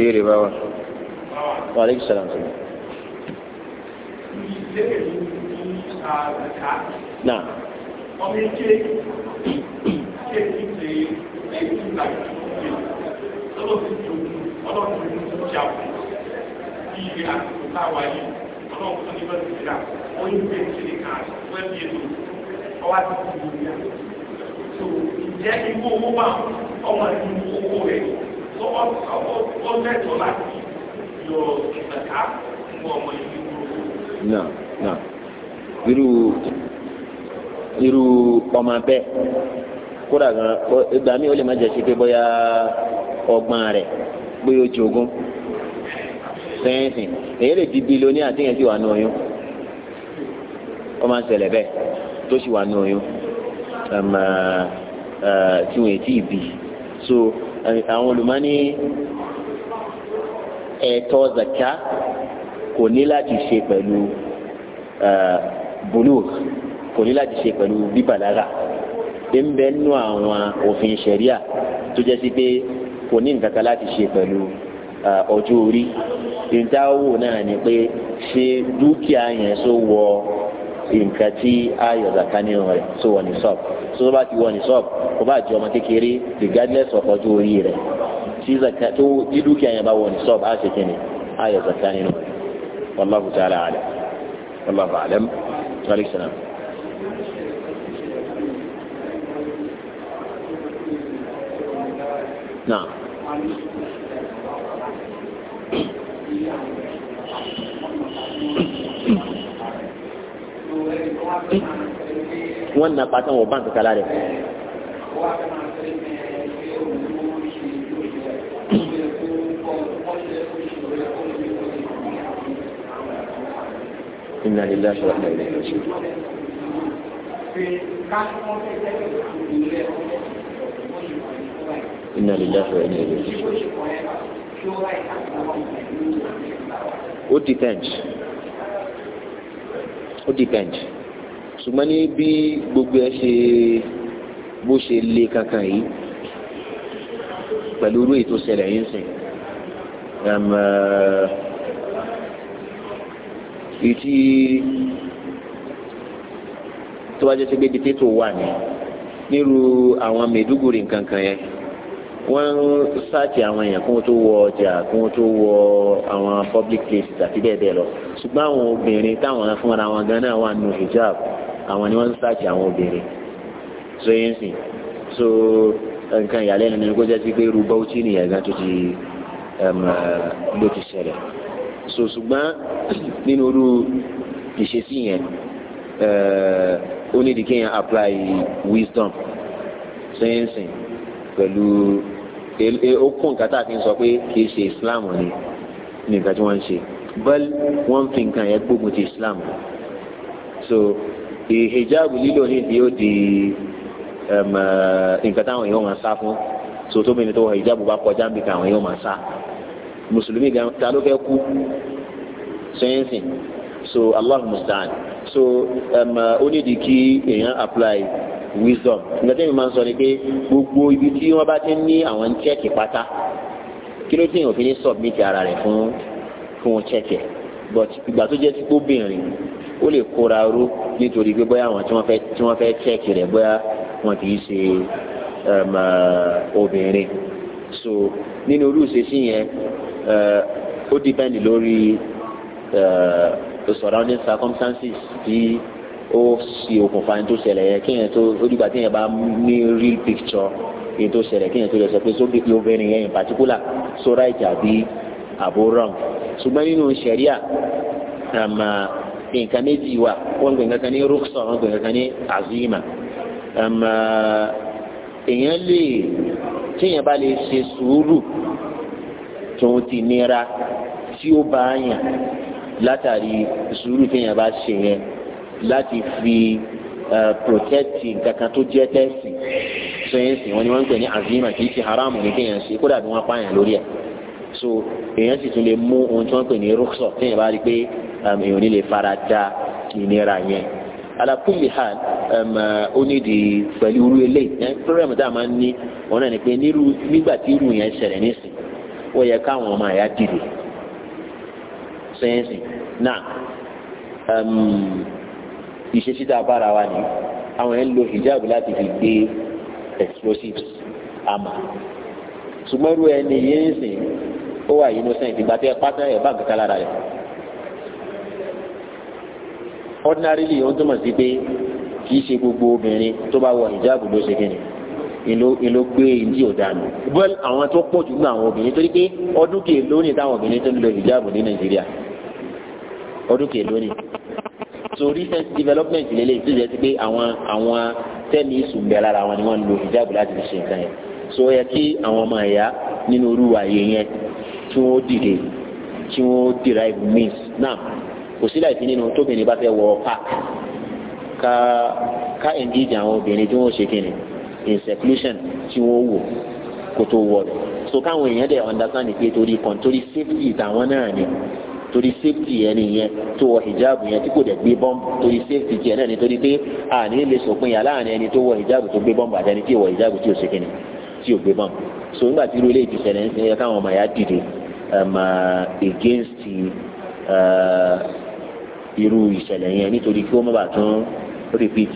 ìbéèrè bá wà. ó lẹ́tọ̀ọ́ láti yọ ìgbàká fún ọmọ ìlú náà náà irú irú ọmọ bẹ́ẹ̀ kódà gan ìgbà mi ò lè má jẹ́ sí pé bóyá ọgbọ́n rẹ̀ bóyá ojú ogún sẹ́yìnsìn èyí lè di bílíọ̀nì àti yẹn ti wà ní oyún ó máa ń ṣẹlẹ̀ bẹ́ẹ̀ tó sì wà ní oyún tí wọ́n ti bì so àwọn olùmọ́ ẹ̀tọ́ zaka kò ní láti ṣe pẹ̀lú bulugh kò ní láti ṣe pẹ̀lú bíbàlára ń bẹ nínú àwọn òfin ṣẹ̀ríà tó jẹ́ sí pé kò ní nǹkan kan láti ṣe pẹ̀lú ọjọ́ orí ìdáwó náà ni pé ṣe dúkìá yẹn sọ wọ nǹkan tí ayọ̀ zaka nínú rẹ̀ sọ wọ ní sọ́ọ̀bù tó bá ti wọ ní sọ́ọ̀bù kò bá jẹ́ ọmọ kékeré regardless of ọjọ́ orí rẹ̀. shi zaka to ji dukiya ya bawo so ba take kene aya zakka ne wallahu ta'ala alim wallahu alim wa alaikum salam na wannan fatan wa ban ka kala da inna lillahi wa inna ilayhi raji'un. inna lillahi wa inna ilayhi raji'un. ó depend ó depend ṣùgbọ́n ní bí gbogbo ẹ ṣe bó ṣe le kankan yìí pẹ̀lú irú ètò ìṣẹ̀lẹ̀ yìí ń sìn. Um, èyí tí tó bá jẹ́ sí pé dìtẹ́tò wà ní nírú àwọn Maiduguri nkankan yẹn wọ́n ń sáàtì àwọn èèyàn kí wọ́n tó wọ ọjà kí wọ́n tó wọ àwọn public places àti bẹ́ẹ̀ bẹ́ẹ̀ lọ ṣùgbọ́n àwọn obìnrin táwọn fúnra wọn gan náà wà nù hijab àwọn ni wọ́n ń sáàtì àwọn obìnrin so yẹn sìn so nǹkan ìyàlẹ́nu ni kó jẹ́ sí pé rúbọ́ ó tí nìyẹn gan tó ti um, ló ṣẹlẹ̀ so ṣùgbọ́n nínú irú ìṣesí yẹn eh, ó ní di kéèyàn apply wisdom sẹ́yìnsìn pẹ̀lú eh, ó kún nǹkan tá a fi ń sọ pé kì í ṣe Islam ni nǹkan tí wọ́n ń ṣe bẹ́ẹ̀ wọ́n fi nǹkan yẹn gbógun ti Islam so ìhìjáàbù lílò ní ìdí ó di eh, nǹkan táwọn èèyàn máa sá fún so tóbi ní tó wọ ìjáàbù bá kọjá níbi kan àwọn èèyàn máa sá mùsùlùmí gan talo ló fẹ́ kú so allah mustaan so um, ó nídìí kí èèyàn apply wisdom nígbà tí mi máa ń sọ ni pé gbogbo ibi tí wọ́n bá ti ní àwọn ń chẹ́ẹ̀kì pátá kí ló tẹ̀yìn òfin submit ara rẹ̀ fún fún chẹ́ẹ̀kì but ìgbà tó jẹ́ sí gbóbìnrin ó lè kóra ró nítorí pé bóyá àwọn tí wọ́n fẹ́ tí wọ́n fẹ́ chẹ́ẹ̀kì rẹ̀ bóyá wọn kì í ṣe um, obìnrin so nínú irú ìṣesí yẹn Eh, ó dìbẹ́ndì lórí eh, the surrounding circumstances tí ó ṣe okùnfà ní tó ṣẹlẹ̀ yẹn kéèyàn tó ó dìgbà téèyàn bá ní real picture èyí tó ṣẹlẹ̀ kéèyàn tó lè sọ pé sóbi obìnrin yẹn in particular so right àbí àbó wrong ṣùgbọ́n nínú ṣẹ̀ríà um, nǹkan méjì wà wọ́n gbé nǹkan kan ní rúkṣọ wọ́n gbé nǹkan kan ní azima um, eh, èèyàn lè téèyàn bá lè ṣe sùúrù tòun ti nira tí ó bá yàn látàrí sùúrù téèyàn bá ṣe yẹn láti fi protect nǹkan kan tó jẹ́ tẹ́sì sẹ́yìnsì wọn ni wọ́n ń pè ní azima kì í ṣe haramu ní kéèyàn ṣe kódà bí wọ́n pààyàn lórí ẹ̀ so èèyàn sì tún lè mú ohun tí wọ́n pè ní rúkṣọ téèyàn bá rí pé èèyàn ní lè fara da ìnira yẹn ala kulli hal ó ní di pẹ̀lú irú eléyìí program tá a máa ń ní wọn ni pé nígbà tí irú yẹn ṣẹlẹ̀ nísìn ó yẹ káwọn ọmọ àyà dìde sẹ́yìnsì náà ìṣesí tá bára wa ni àwọn yẹn ń lo hijab láti fi gbé explosives àmà ṣùgbọ́n irú ẹni yìí ń sìn ó wà innocent ìgbà tí ẹ pátá ẹ bá nǹkan lára rẹ ordinarily ohun tó mọ̀ sí pé kì í ṣe gbogbo obìnrin tó bá wọ hijab ló ṣe kí ni ìlò gbé ìdí ọ̀daràn bẹ́ẹ̀ àwọn tó pọ̀ jù náà àwọn obìnrin torí pé ọdún kìí lónìí táwọn obìnrin tó ń lo hijab ní nàìjíríà ọdún kìí lónìí so recent development lélẹ̀ tó jẹ́ sí pé àwọn àwọn tẹ́lẹ̀ ìsùn bẹ̀rẹ̀ lára àwọn ni wọ́n ń lo hijab láti fi ṣe nǹkan yẹn so ó yẹ kí àwọn ọmọ ẹ̀yà nínú irú ààyè yẹn tí wọ́n dìde tí wọ́n derive means náà kò sí láì fi nínú tóbìnrin bá fẹ́ wọ park ká ká engage àwọn obìnrin tí wọ́n ṣe kíni inspection tí wọ́n wò kó tó wọ̀ rẹ̀ so káwọn èèyàn dẹ̀ understand pé torí kan torí safety tàwọn náà ni torí safety yẹn nìyẹn tó wọ hijab yẹn tí kò dẹ̀ gbé bọ́m torí safety tiẹ̀ náà ni torí pé àní lè sòpin yà láàrin ẹni tó wọ hijab tó gbé bọ́m àti ẹni tí ò wọ hijab tí ò ṣe kíni tí ò gbé bọ́m so nígbà tí irú ilé ìtìsẹ̀lẹ̀ ń sin yẹ káwọn ọmọ ya dìde um, uh, against uh, irú ìṣẹ̀lẹ̀ yẹn nítorí kí ó má bàa tún repeat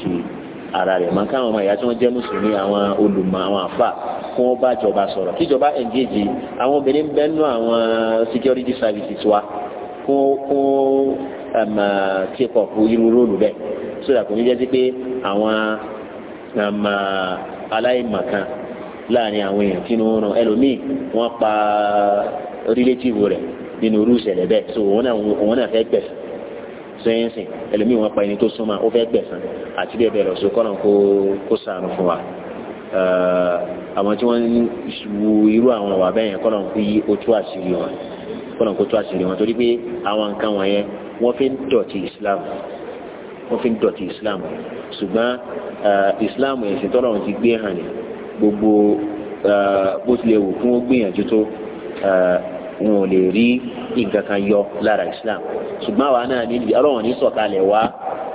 ara rẹ̀ máa káwọn ọmọ ìyá tí wọ́n jẹ́ mùsùlùmí àwọn olùmọ̀ àwọn àfà kí wọ́n bá jọba sọ̀rọ̀ kíjọba engage àwọn obìnrin bẹ́nu àwọn security services wa kún kún um, take up irú róòlù bẹ́ẹ̀ sódà kò ní jẹ́ sí pé àwọn um, aláìmọ̀kan láàrin àwọn èèyàn kí ni wọ́n ràn ẹlòmíì wọ́n pa relative rẹ̀ nínú irú ìṣẹ̀lẹ̀ bẹ́ẹ̀ so òun náà fẹ́ gbẹ̀sán sẹ́yìnsìn ẹlòmíì wọn pa ẹni tó súnmọ́ ó fẹ́ gbẹ̀sán àti bẹ́ẹ̀ bẹ́ẹ̀ lọ sí kọ́nà kó sànù fún wa àwọn tí wọ́n wu irú àwọn ọ̀wà bẹ́ẹ̀ yẹn kọ́nà kó yí otú àṣírí wọn kọ́nà kó tú àṣírí wọn torí pé àwọn nǹkan wọn yẹn wọ́n fi ń dọ̀tí Islam wọ́n fi ń dọ̀tí Islam ṣùgbọ́n Islam ẹ̀sìn tọ́lọ́run ti gbé hàn ní gbogbo bó tilẹ̀ wù fún gbìyànjú tó wọn ò lè rí nǹkan kan yọ lára islam ṣùgbọ́n àwa náà níbi ọlọ́run ní sọ̀kalẹ̀ wá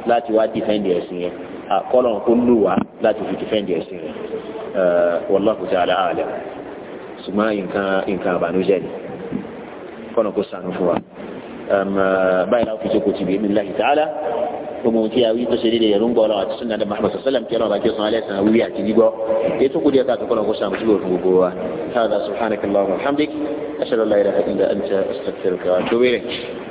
láti wá dìfẹ́ǹdì ẹ̀sìn yẹn kọ́lọ̀ kó lù wá láti fi dìfẹ́ǹdì ẹ̀sìn yẹn wallahu ta'ala a'lam ṣùgbọ́n nǹkan àbànújẹ́ ni kọ́lọ̀ kó sànù fún wa báyìí láwọn fi jókòó ti bí ibi láhi ta'ala gbogbo ohun tí a wí tó ṣe déédéé ẹ̀rú ń gbọ́ ọlọ́run àti sunna dama ahmed sallam kí ọlọ́run bá kí ọ̀sán alẹ́ sàn wí àti gbígbọ́ ètò kù díẹ̀ káàtó kọ́lọ̀ kó sàn mùsùlùmí wa hàdà subhanakallahumma wa hamdik ashhadu an la ilaha illa anta astaghfiruka wa atubu ilayk